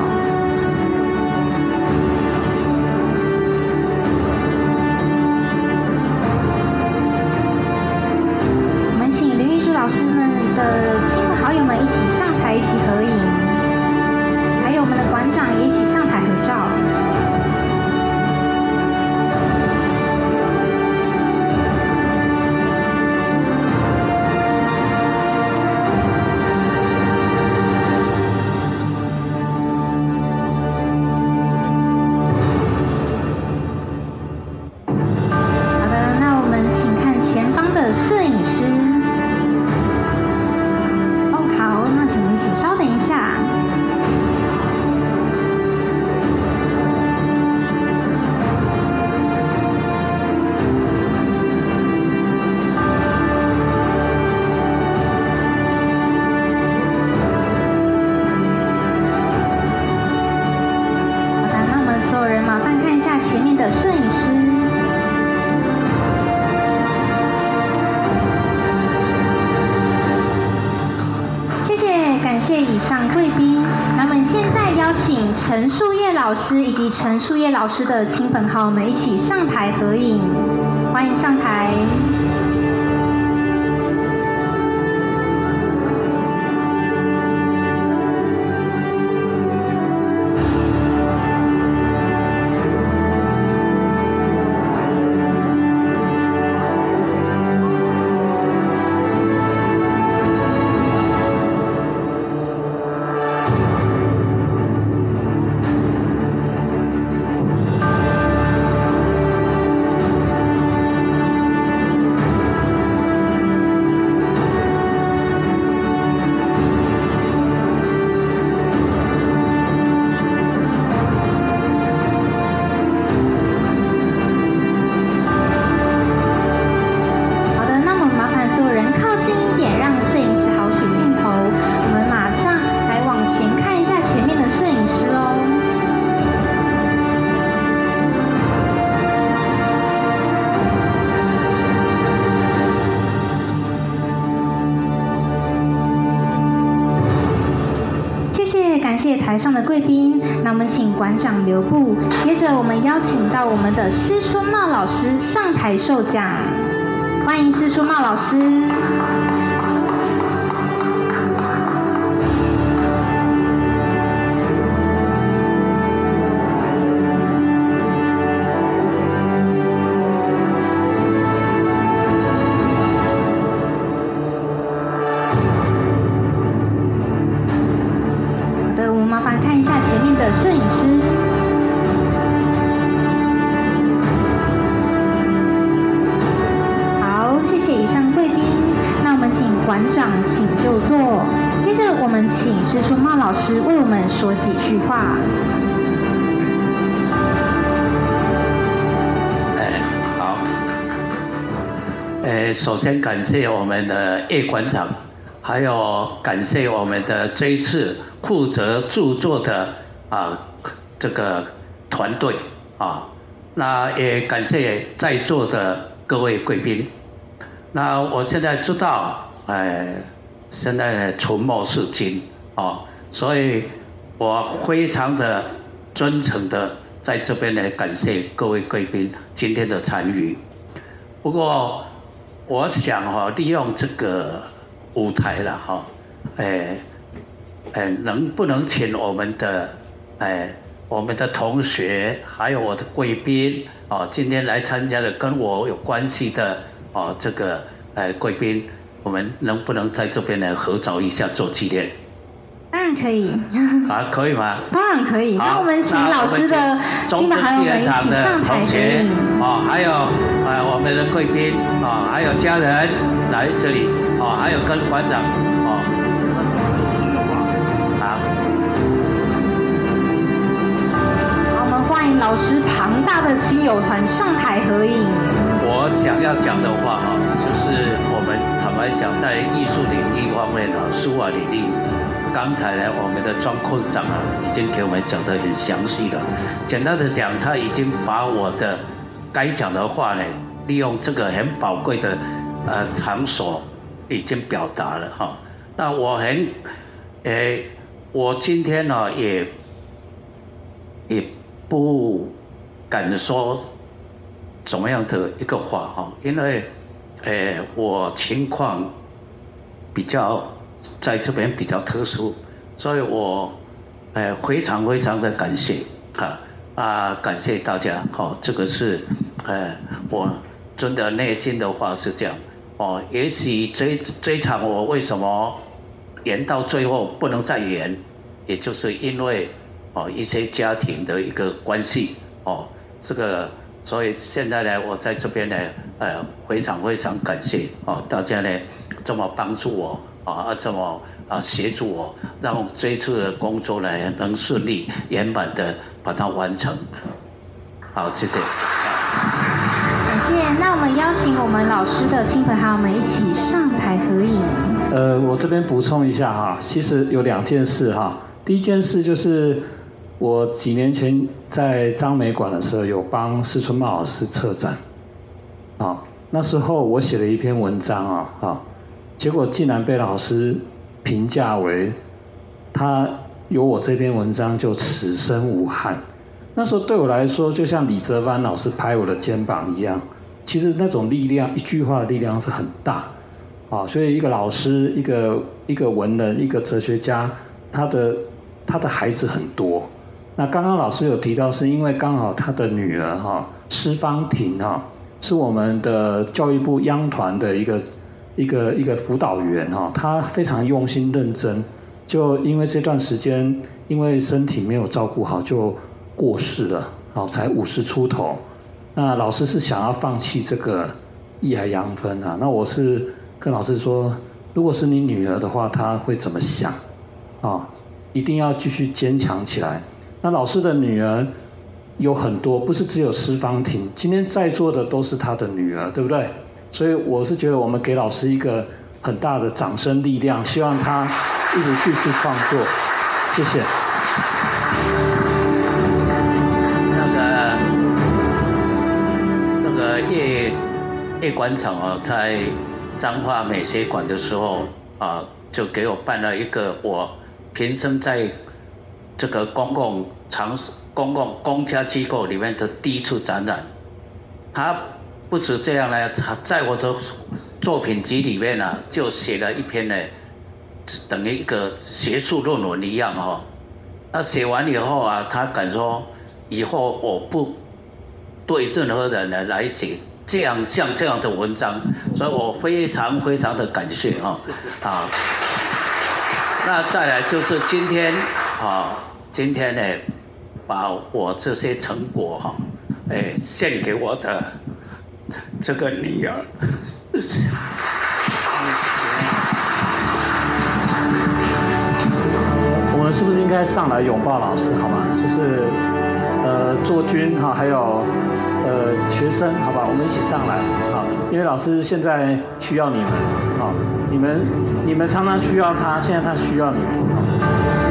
老師的親朋好友們一起上台合影，歡迎上台。留步！接着，我們邀請到我們的施春茂老師上台授獎，歡迎施春茂老師。誒，首先感謝我們的葉館長，還有感謝我們的這一次負責著、著作的啊，這個團隊啊，那也感謝在座的各位貴賓。那我現在知道，誒，現在沉默是金啊，所以我非常的真誠的在這邊來感謝各位貴賓今天的參與。不過。我想哈，利用這個舞台了哈，誒誒，能不能請我們的誒我們的同學，還有我的貴賓哦，今天來參加的跟我有關係的哦，這個誒貴賓，我們能不能在這邊來合照一下做紀念？當然可以啊，可以嗎？當然可以。啊、那我們請老師的親朋好友們一起上台合影啊，還有啊我們的貴賓啊，還有家人來這裡啊，還有跟館長啊。好、啊，我們歡迎老師龐大的親友團上台合影。我想要講的話哈，就是我們坦白講，在藝術領域方面呢，書畫領域。剛才呢，我們的莊科長啊，已經給我們講得很詳細了。簡單的講，他已經把我的該講的話呢，利用這個很寶貴的呃場所，已經表達了哈。那我很，呃、欸，我今天呢也也不敢說怎麼樣的一個話哈，因為呃、欸，我情況比較。在這邊比較特殊，所以我呃非常非常的感謝啊，啊，感謝大家！好，哦，這個是呃我真的內心的話是這樣哦。也許追，追場我為什麼延到最後不能再延，也就是因為哦一些家庭的一個關係哦，這個所以現在呢，我在這邊呢呃非常非常感謝哦大家呢這麼幫助我。啊，這麼啊，協助我，讓我們這次的工作呢能順利圓滿的把它完成。好，謝謝。感謝，謝。那我們邀請我們老師的親朋好友們一起上台合影。呃，我這邊補充一下哈，其實有兩件事哈。第一件事，一件事就是我幾年前在張美館的時候，有幫施春茂老師策展。啊，那時候我寫了一篇文章啊，啊。結果竟然被老師評價為他有我這篇文章就此生無憾。那時候對我來說，就像李澤藩老師拍我的肩膀一樣。其實那種力量，一句話的力量是很大啊。所以一個老師，一個一個文人，一個哲學家，他的他的孩子很多。那剛剛老師有提到，是因為剛好他的女兒哈，施芳婷哈是我們的教育部央團的一個。一個一個輔導員哈、哦，他非常用心認真，就因為這段時間因為身體沒有照顧好就過世了，哦，才五十出頭。那老師是想要放棄這個藝海揚芬啊？那我是跟老師說，如果是你女兒的話，她會怎麼想啊、哦？一定要繼續堅強起來。那老師的女兒有很多，不是只有施芳婷，今天在座的都是她的女兒，對不對？所以我是覺得，我們給老師一個很大的掌聲力量，希望他一直繼續創作。謝謝。那個那、這個葉葉館長啊，在彰化美學館的時候啊，就給我辦了一個我平生在這個公共場所、公共公家機構裡面的第一次展覽。他。不止這樣呢，他在我的作品集裡面呢、啊，就寫了一篇呢，等於一個學術論文一樣哈、哦。那寫完以後啊，他敢說，以後我不對任何人來寫這樣像這樣的文章，所以我非常非常的感謝哈、哦、啊。那再來就是今天啊、哦，今天呢，把我這些成果哈、哦，哎獻給我的。這個女兒、 哎啊，我們是不是應該上來擁抱老師？好嗎？就是，呃，做軍哈，還有，呃，學生，好吧，我們一起上來，好，因為老師現在需要你們，好，你們，你們常常需要他，現在他需要你們。好。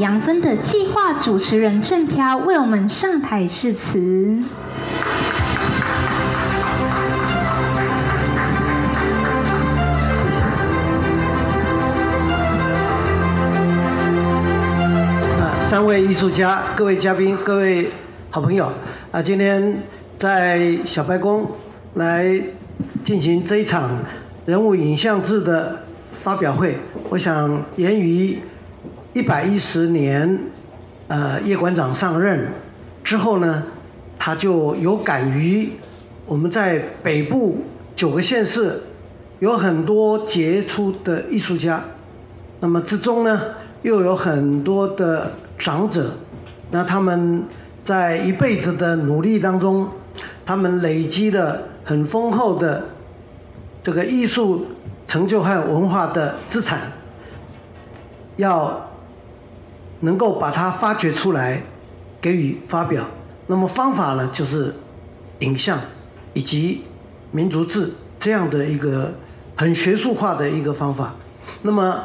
楊芬的計劃主持人鄭飄為我們上台致辭。謝謝。啊，三位藝術家，各位嘉賓，各位好朋友啊，今天在小白宮來進行這一場人物影像志的發表會，我想言語。一百一十年，呃，葉館長上任之後呢，他就有感於我們在北部九個縣市有很多傑出的藝術家，那麼之中呢又有很多的長者，那他們在一輩子的努力當中，他們累積了很豐厚的這個藝術成就和文化的資產，要。能夠把它發掘出來，給予發表。那麼方法呢，就是影像以及民族志這樣的一個很學術化的一個方法。那麼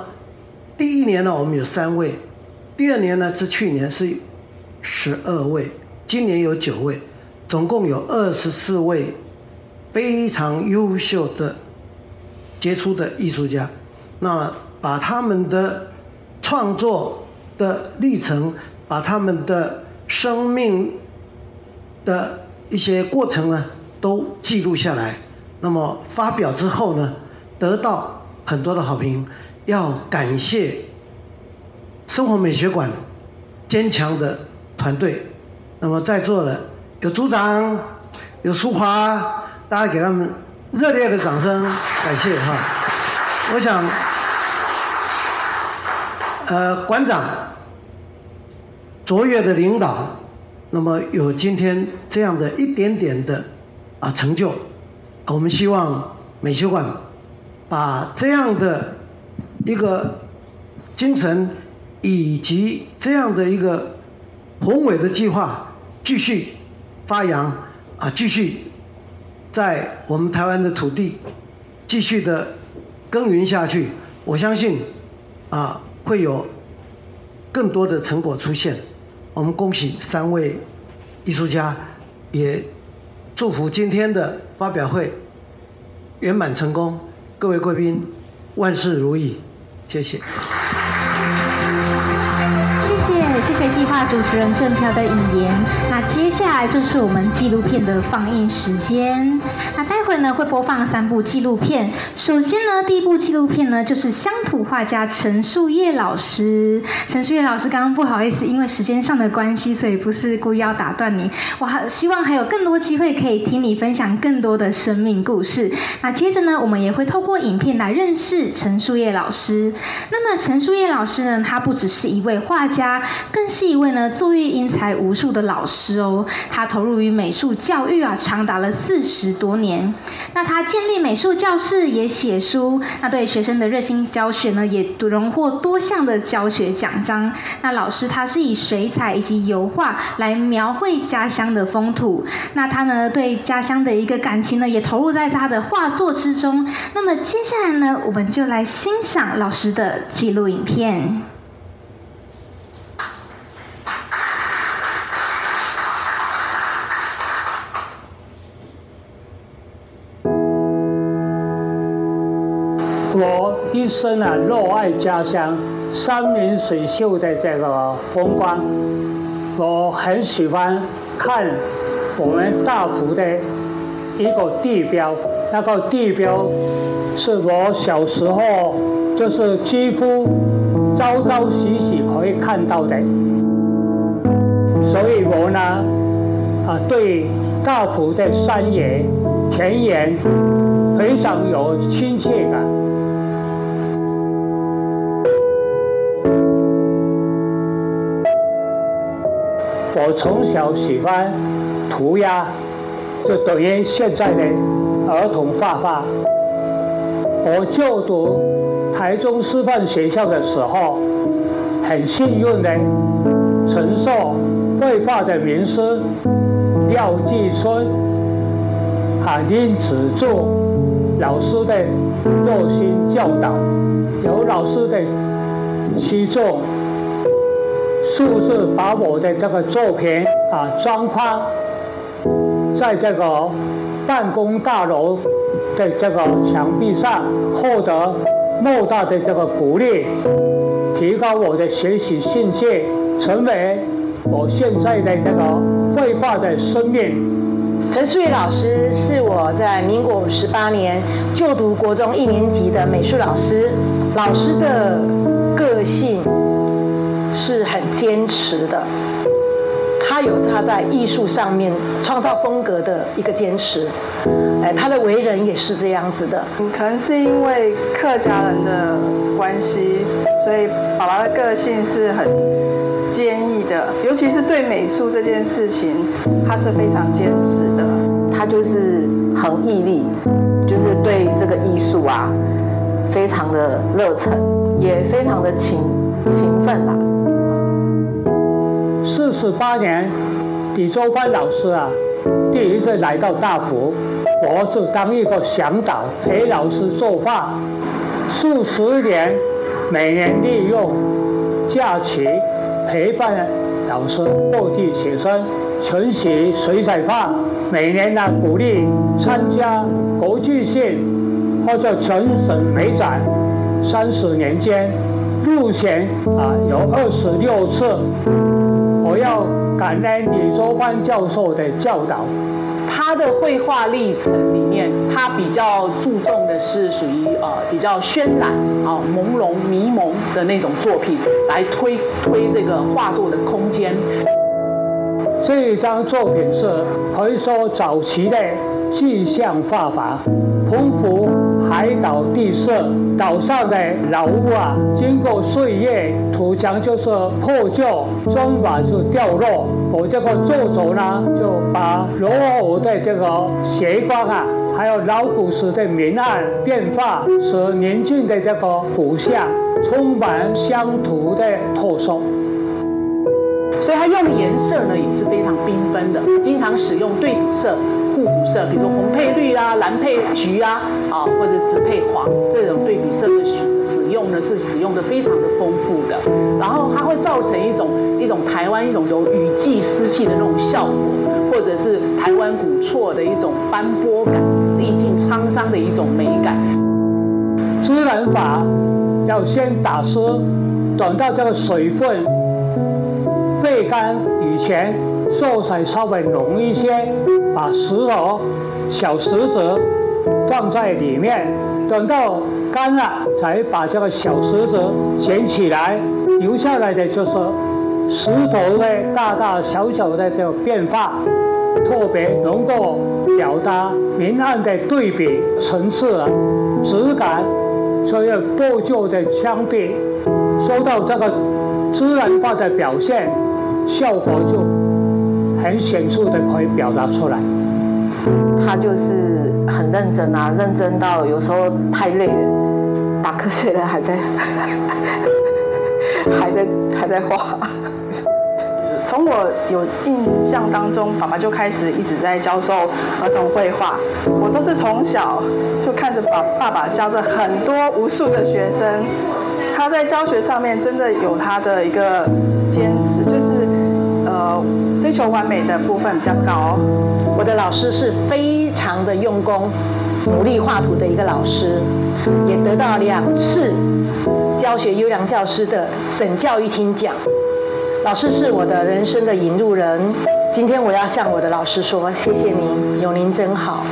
第一年呢，我們有三位；第二年呢，是去年是十二位；今年有九位，總共有二十四位非常優秀的、傑出的藝術家。那麼把他們的創作。的歷程，把他們的生命的一些過程呢，都記錄下來。那麼發表之後呢，得到很多的好評。要感謝生活美學館堅強的團隊。那麼在座的有組長，有淑華，大家給他們熱烈的掌聲，感謝哈。我想，呃，館長。卓越的領導，那麼有今天這樣的一點點的啊成就，我們希望美學館把這樣的一個精神以及這樣的一個宏偉的計劃繼續發揚啊，繼續在我們台灣的土地繼續的耕耘下去，我相信啊會有更多的成果出現。我們恭喜三位藝術家，也祝福今天的發表會圓滿成功。各位貴賓，萬事如意，謝謝。謝謝謝謝計劃主持人鄭漂的引言，那接下來就是我們紀錄片的放映時間。那大。呢會播放三部紀錄片。首先呢，第一部紀錄片呢就是鄉土畫家陳樹業老師。陳樹業老師，剛剛不好意思，因為時間上的關係，所以不是故意要打斷你。我還希望還有更多機會可以聽你分享更多的生命故事。那接着呢，我們也會透過影片來認識陳樹業老師。那麼陳樹業老師呢，他不只是一位畫家，更是一位呢作育英才無數的老師哦。他投入於美術教育啊，長達了四十多年。那他建立美術教室，也寫書。那對學生的熱心教學呢，也榮獲多項的教學獎章。那老師他是以水彩以及油畫來描繪家鄉的風土。那他呢對家鄉的一個感情呢，也投入在他的畫作之中。那麼接下來呢，我們就來欣賞老師的紀錄影片。一生啊，熱愛家鄉山明水秀的這個風光，我很喜歡看我們大湖的一個地標，那個地標是我小時候就是幾乎朝朝夕夕可以看到的，所以我呢，啊，對大湖的山野田園非常有親切感。我從小喜歡塗鴉，就等於現在的兒童畫畫。我就讀台中師範學校的時候，很幸運的承受繪畫的名師廖繼春、林之助老師的熱心教導，有老師的器重。數字把我的這個作品啊裝框，在這個辦公大樓的這個牆壁上，獲得莫大的這個鼓勵，提高我的學習興趣，成為我現在的這個繪畫的生命。陳樹業老師是我在民國五十八年就讀國中一年級的美術老師，老師的個性，是很堅持的，他有他在藝術上面創造風格的一個堅持，哎，他的為人也是這樣子的。可能是因為客家人的關係，所以爸爸的個性是很堅毅的，尤其是對美術這件事情，他是非常堅持的。他就是很毅力，就是對這個藝術啊，非常的熱忱，也非常的勤勤奮吧。四十八年，李澤藩老師啊，第一次來到大福，我就當一個向導陪老師作畫。數十年，每年利用假期陪伴老師各地寫生、學習水彩畫。每年呢、啊，鼓勵參加國際性或者全省美展。三十年間，入選啊有二十六次。我要感恩李周芳教授的教導。他的繪畫歷程裡面，他比較注重的是屬於呃比較渲染啊朦朧迷蒙的那種作品，來推推這個畫作的空間。這一張作品是可以說早期的具象畫法，彭福。海島地色，島上的老屋啊，經過歲月，土牆就是破舊，磚瓦就掉落。我這個作者呢，就把柔和的這個斜光啊，還有老古時的明暗變化，使寧靜的這個古巷充滿鄉土的特色。所以它用的顏色呢也是非常繽紛的，經常使用對比色，色，比如紅配綠啊，藍配橘啊，啊或者紫配黃，這種對比色的使使用呢，是使用的非常的豐富的，然後它會造成一種一種台灣一種有雨季濕氣的那種效果，或者是台灣古厝的一種斑駁感，歷盡滄桑的一種美感。濕染法要先打濕，等到這個水分未乾以前，色彩稍微濃一些。把石頭、小石子，放在裡面，等到乾了，才把這個小石子撿起來。留下來的就是石頭的大大小小的這個變化，特別能夠表達明暗的對比、層次、啊、質感，所以構就的牆壁收到這個自然化的表現效果就。很顯著的可以表達出來，他就是很認真啊，認真到有時候太累了，打瞌睡了還在，還在還在畫。從我有印象當中，爸爸就開始一直在教授兒童繪畫，我都是從小就看着爸爸教着很多無數的學生，他在教學上面真的有他的一個堅持，就是呃。追求完美的部分比較高哦。我的老師是非常的用功、努力畫圖的一個老師，也得到兩次教學優良教師的省教育廳獎。老師是我的人生的引路人。今天我要向我的老師說謝謝您，有您真好。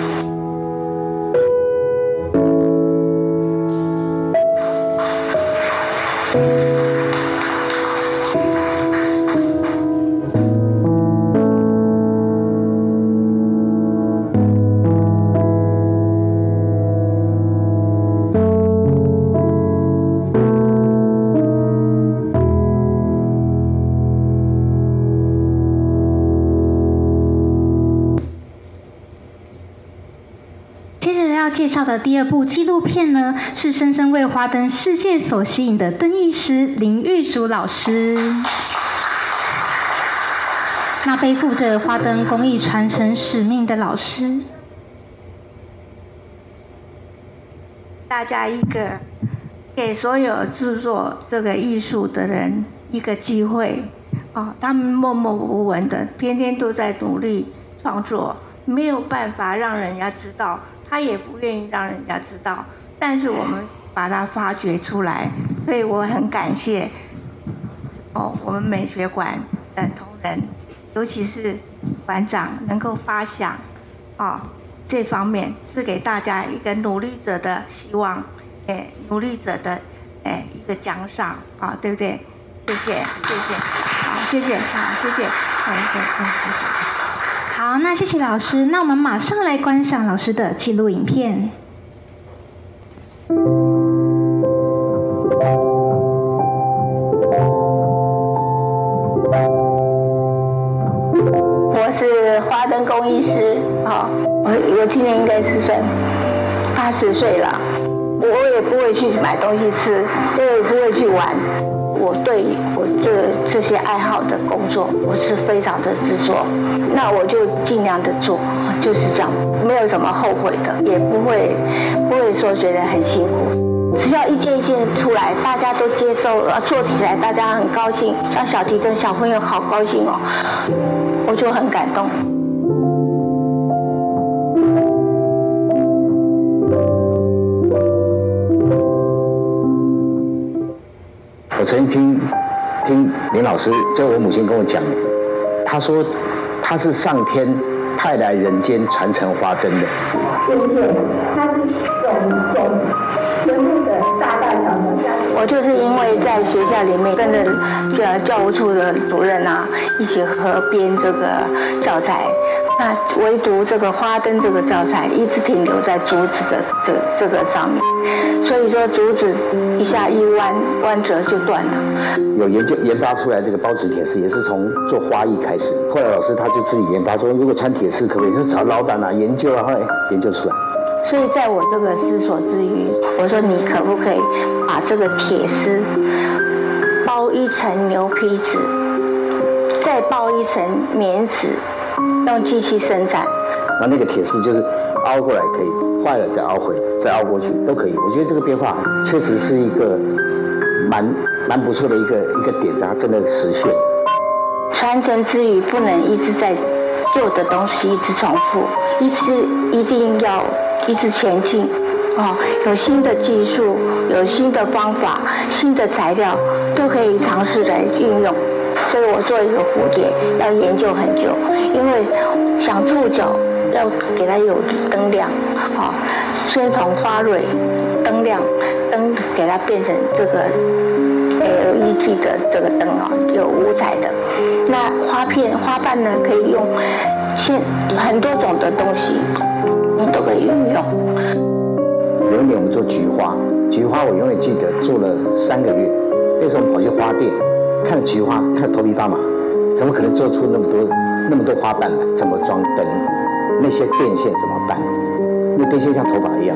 的第二部紀錄片呢，是深深為花燈世界所吸引的燈藝師林玉珠老師。那背負着花燈工藝傳承使命的老師，大家一個給所有製作這個藝術的人一個機會哦，他們默默無聞的，天天都在努力創作，沒有辦法讓人家知道。他也不願意讓人家知道，但是我們把它發掘出來，所以我很感謝，哦，我們美學館的同仁，尤其是館長能夠發想，哦，這方面是給大家一個努力者的希望，誒，努力者的誒一個獎賞啊，對不對？謝謝，謝謝，好，謝謝，好，謝謝。嗯嗯、謝謝。好，那謝謝老師。那我們馬上來觀賞老師的紀錄影片。我是花燈工藝師，好，我我今年應該是算八十歲了。我也不會去買東西吃，我也不會去玩。我對於我這這些愛好的工作，我是非常的執着，那我就盡量的做，就是這樣，沒有什麼後悔的，也不會不會說覺得很辛苦，只要一件一件出來，大家都接受了，做起來大家很高興，像小提跟小朋友好高興哦，我就很感動。曾經聽聽林老師，就我母親跟我講，她說她是上天派來人間傳承花燈的。對對，她是總總人物的大大小小。我就是因為在學校裡面跟着教教務處的主任啊，一起合編這個教材。那唯獨這個花燈這個教材一直停留在竹子的這這個上面，所以說竹子一下一彎彎折就斷了。有研究研發出來這個包紙鐵絲，也是從做花藝開始。後來老師他就自己研發說，如果穿鐵絲可不可以？就找老板啊研究啊，會研究出來。所以在我這個思索之餘，我說你可不可以把這個鐵絲包一層牛皮紙，再包一層棉紙。用機器生產，那那個鐵絲就是凹過來可以壞了再凹回再凹過去都可以。我覺得這個變化確實是一個蠻蠻不錯的一個一個點子，它真的實現。傳承之餘不能一直在舊的東西一直重複，一直一定要一直前進啊、哦！有新的技術，有新的方法，新的材料都可以嘗試來運用。所以我做一個蝴蝶，要研究很久，因為想觸角要給它有燈亮啊、哦，先從花蕊燈亮，燈給它變成這個 LED 的這個燈啊，有、哦、五彩的。那花片花瓣呢，可以用現很多種的東西，你都可以運用。有一年我們做菊花，菊花我永遠記得做了三個月，那時候跑去花店。看菊花看頭皮發麻，怎麼可能做出那麼多那麼多花瓣來，怎麼裝燈？那些電線怎麼辦？那電線像頭髮一樣。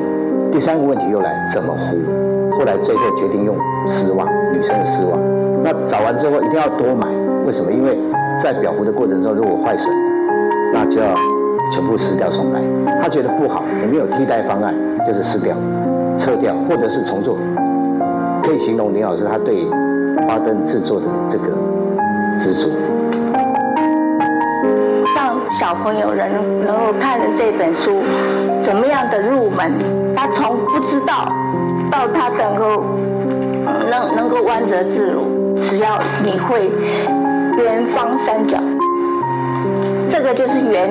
第三個問題又來，怎麼糊？後來最後決定用絲襪，女生的絲襪。那找完之後一定要多買，為什麼？因為，在裱糊的過程中如果壞損，那就要全部撕掉重來。他覺得不好，也沒有替代方案，就是撕掉、撤掉，或者是重做。可以形容林老師他對。花燈制作的這個制作，讓小朋友能能夠看的這本書，怎麼樣的入門？他從不知道到他能夠能能夠彎折自如，只要你會圓方三角，這個就是圓，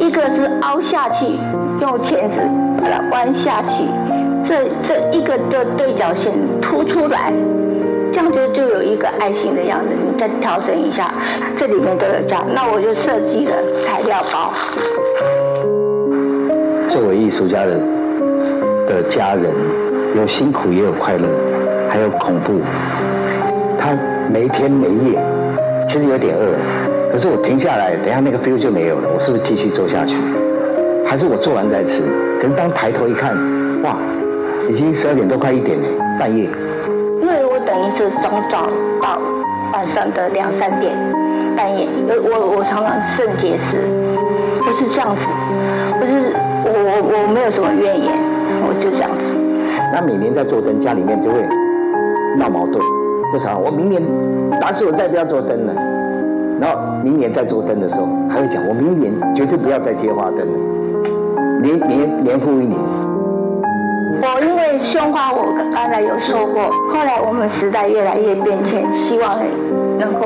一個是凹下去，用鉗子把它彎下去，這這一個的對角線凸出來。這樣就就有一個愛心的樣子，你再調整一下，這裡面都有加。那我就設計了材料包。作為藝術家的的家人，有辛苦也有快樂，還有恐怖。他沒天沒夜，其實有點餓，可是我停下來，等一下那個 feel 就沒有了。我是不是繼續做下去，還是我做完再吃？可能當抬頭一看，哇，已經十二點多快一點了，半夜。是從早到晚上的兩三點，半夜，我我我常常腎結石，不是這樣子，不是我我我沒有什麼怨言，言，我就這樣子。那每年在做燈，家裡面就會鬧矛盾。至、就、啥、是啊，我明年打死我再不要做燈了。然後明年再做燈的時候，還會講，我明年絕對不要再接花燈了，年年年復一年。胸花我剛才有說過，後來我們時代越來越變遷，希望能夠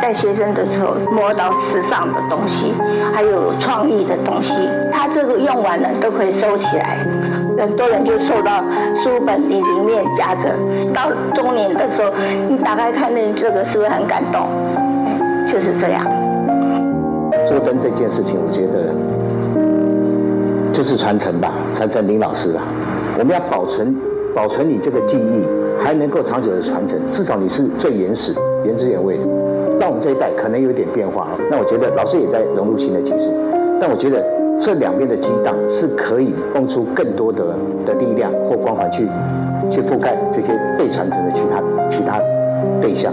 在學生的時候摸到時尚的東西，還有創意的東西。他這個用完了都可以收起來，很多人就受到書本裡裡面夾着，到中年的時候你打開看那個，這個是不是很感動？就是這樣。做燈這件事情，我覺得就是傳承吧，傳承林老師啊。我們要保存，保存你這個記憶，還能夠長久的傳承。至少你是最原始、原汁原味的。那我們這一代可能有點變化，那我覺得老師也在融入新的技術。但我覺得這兩邊的激盪是可以蹦出更多的的力量或光環去，去覆蓋這些被傳承的其他的其他對象。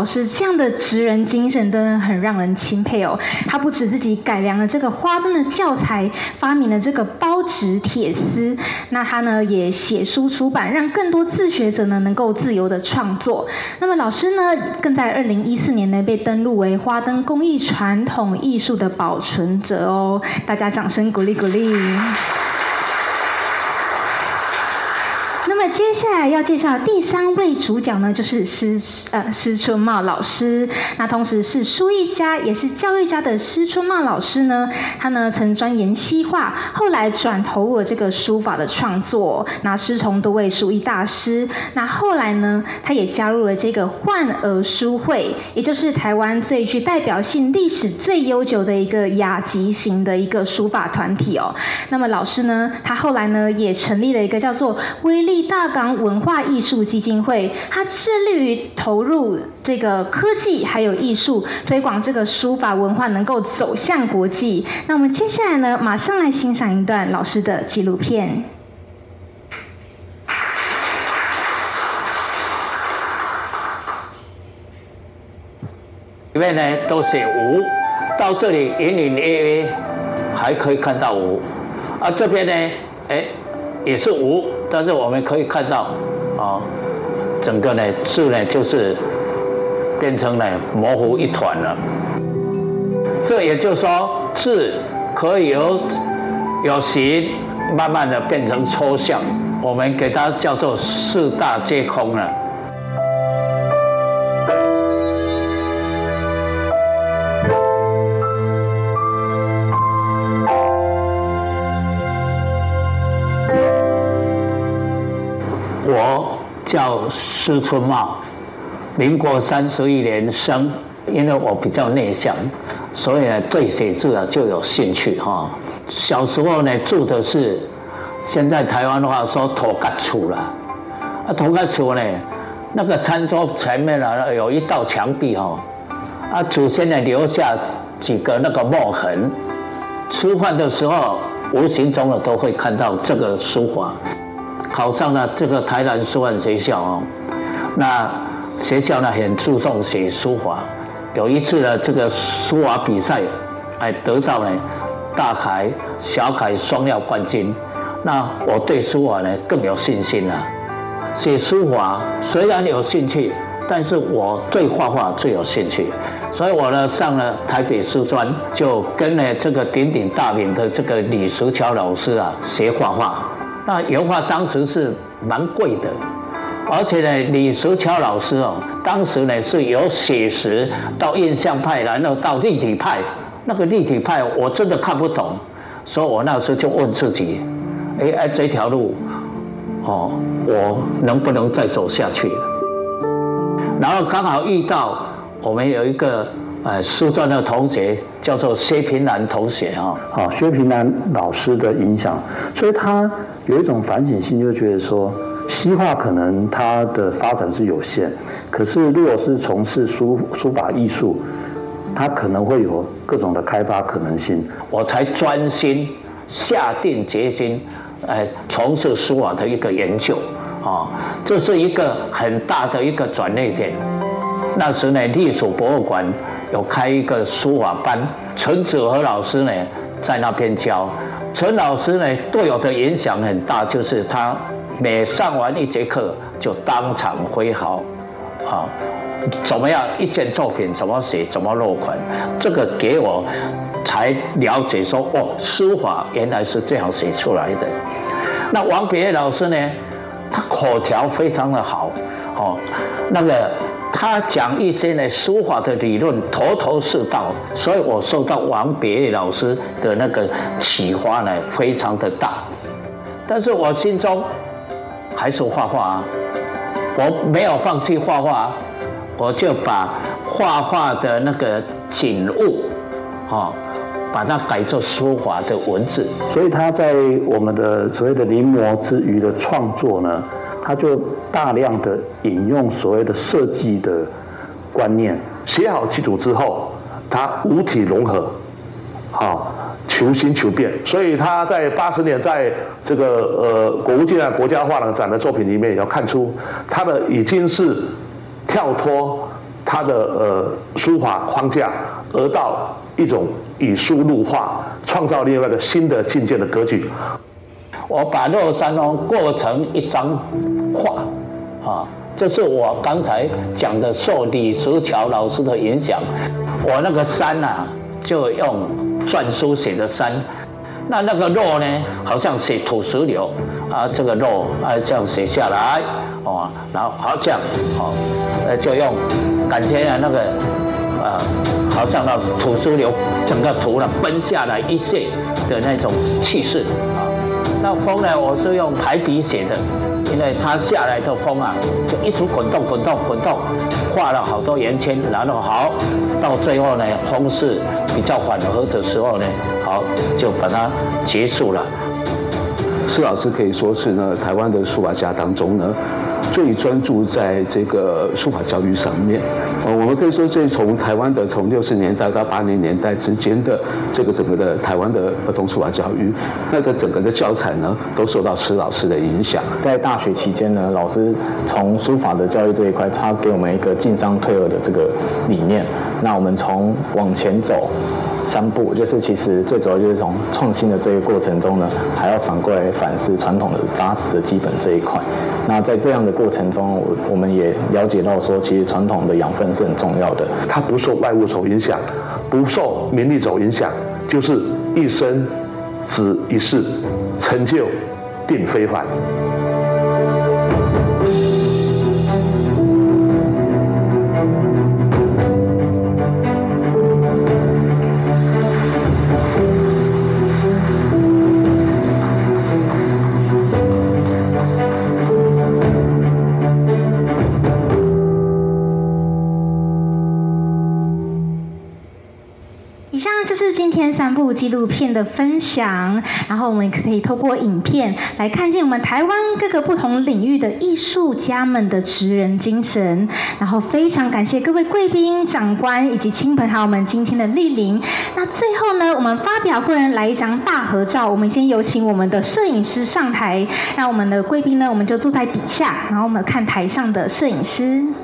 老師這樣的職人精神真的很讓人欽佩哦！他不止自己改良了這個花燈的教材，發明了這個包紙鐵絲，那他呢也寫書出版，讓更多自學者呢能夠自由的創作。那麼老師呢更在二零一四年呢被登錄為花燈工藝傳統藝術的保存者哦！大家掌聲鼓勵鼓勵。接下來要介紹第三位主角呢，就是施呃施春茂老師。那同時是書藝家也是教育家的施春茂老師呢，他呢曾專研西畫，後來轉投了這個書法的創作。那師從多位書藝大師。那後來呢，他也加入了這個換鵝書會，也就是台灣最具代表性、歷史最悠久的一個雅集型的一個書法團體哦。那麼老師呢，他後來呢也成立了一個叫做威力大岡，文化藝術基金會，它致力於投入這個科技，還有藝術推廣這個書法文化，能夠走向國際。那我們接下來呢，馬上來欣賞一段老師的紀錄片。裡面呢，都寫“無”，到這裡隱隱約約還可以看到“無”，啊，而這邊呢，哎，也是“無”。但是我們可以看到，啊、哦，整個呢字呢就是變成了模糊一團了。這也就是說，字可以由有形慢慢的變成抽象，我們給它叫做四大皆空了。叫施春茂，民國三十一年生。因為我比較內向，所以對寫字啊就有興趣哈。小時候呢住的是，現在台灣的話說土埆厝了。啊，土埆厝呢，那個餐桌前面呢有一道牆壁哈，啊祖先呢留下幾個那個墨痕，吃飯的時候無形中啊都會看到這個書法。考上了這個台南師範學校哦，那學校呢很注重寫書法，有一次呢這個書法比賽，哎得到呢大楷小楷雙料冠軍，那我對書法呢更有信心了。寫書法雖然有興趣，但是我對畫畫最有興趣，所以我呢上了台北師專，就跟呢這個鼎鼎大名的這個李石樵老師啊學畫畫。那油畫當時是蠻貴的，而且呢，李石樵老師哦、喔，當時呢是由寫實到印象派，然後到立體派，那個立體派我真的看不懂，所以我那時候就問自己，哎、欸、哎、欸，這條路，哦、喔，我能不能再走下去？然後剛好遇到我們有一個呃，師、欸、專的同學，叫做薛平南同學啊、喔，啊，薛平南老師的影響，所以他。有一種反省心，就覺得說，西畫可能它的發展是有限，可是如果是從事書書法藝術，它可能會有各種的開發可能性。我才專心下定決心，哎，從事書法的一個研究，啊、哦，這是一個很大的一個轉捩點。那時呢，歷史博物館有開一個書法班，陳子和老師呢在那邊教。陳老師呢，對我的影響很大，就是他每上完一節課就當場揮毫，啊、哦，怎麼樣一件作品怎麼寫怎麼落款，這個給我才了解說哦，書法原來是這樣寫出來的。那王北岳老師呢，他口條非常的好，哦，那個。他講一些呢，書法的理論，頭頭是道，所以我受到王北岳老師的那個啟發呢，非常的大。但是我心中還是畫畫，啊，我沒有放棄畫畫，我就把畫畫的那個景物，啊、哦，把它改作書法的文字，所以他在我們的所謂的臨摹之餘的創作呢。他就大量的引用所謂的設計的觀念，寫好基礎之後，他五體融合，好、哦、求新求變。所以他在八十年在這個呃國務界國家畫廊展的作品裡面，也要看出他的已經是跳脫他的呃書法框架，而到一種以書入畫，創造另外一個新的境界的格局。我把落山呢、哦、過成一張畫，啊，這、就是我剛才講的受李石橋老師的影響，我那個山啊，就用篆書寫的山，那那個落呢好像寫土石流啊，這個落，啊這樣寫下來哦、啊，然後好像哦、啊，就用感覺啊那個啊好像那土石流整個土呢奔下來一些的那種氣勢啊。那風呢？我是用排筆寫的，因為它下來的風啊，就一直滾動、滾動、滾動，畫了好多圓圈，然後好，到最後呢，風勢比較緩和的時候呢，好，就把它結束了。施老師可以說是呢，台灣的書法家當中呢。最專注在這個書法教育上面，呃，我們可以說這，這從台灣的從六十年代到八零年代之間的這個整個的台灣的兒童書法教育，那這個、整個的教材呢，都受到施老師的影響。在大學期間呢，老師從書法的教育這一塊，他給我們一個進三退二的這個理念，那我們從往前走。三步就是，其實最主要就是從創新的這個過程中呢，還要反過來反思傳統的紮實的基本這一塊。那在這樣的過程中我，我們也了解到說，其實傳統的養分是很重要的，它不受外物所影響，不受名利所影響，就是一生，只一世，成就，定非凡。部紀錄片的分享，然後我們也可以透過影片來看見我們台灣各個不同領域的藝術家們的職人精神。然後非常感謝各位貴賓、長官以及親朋好友們今天的莅臨。那最後呢，我們發表個人來，來一張大合照。我們先有請我們的攝影師上台，那我們的貴賓呢，我們就坐在底下，然後我們看台上的攝影師。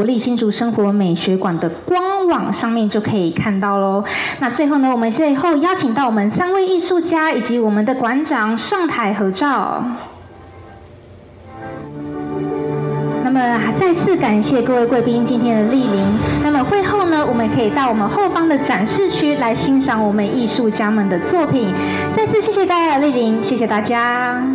國立新竹生活美學館的官網上面就可以看到嘍。那最後呢，我們最後邀請到我們三位藝術家以及我們的館長上台合照。那麼再次感謝各位貴賓今天的蒞臨。那麼會後呢，我們可以到我們後方的展示區來欣賞我們藝術家們的作品。再次謝謝大家的蒞臨，謝謝大家。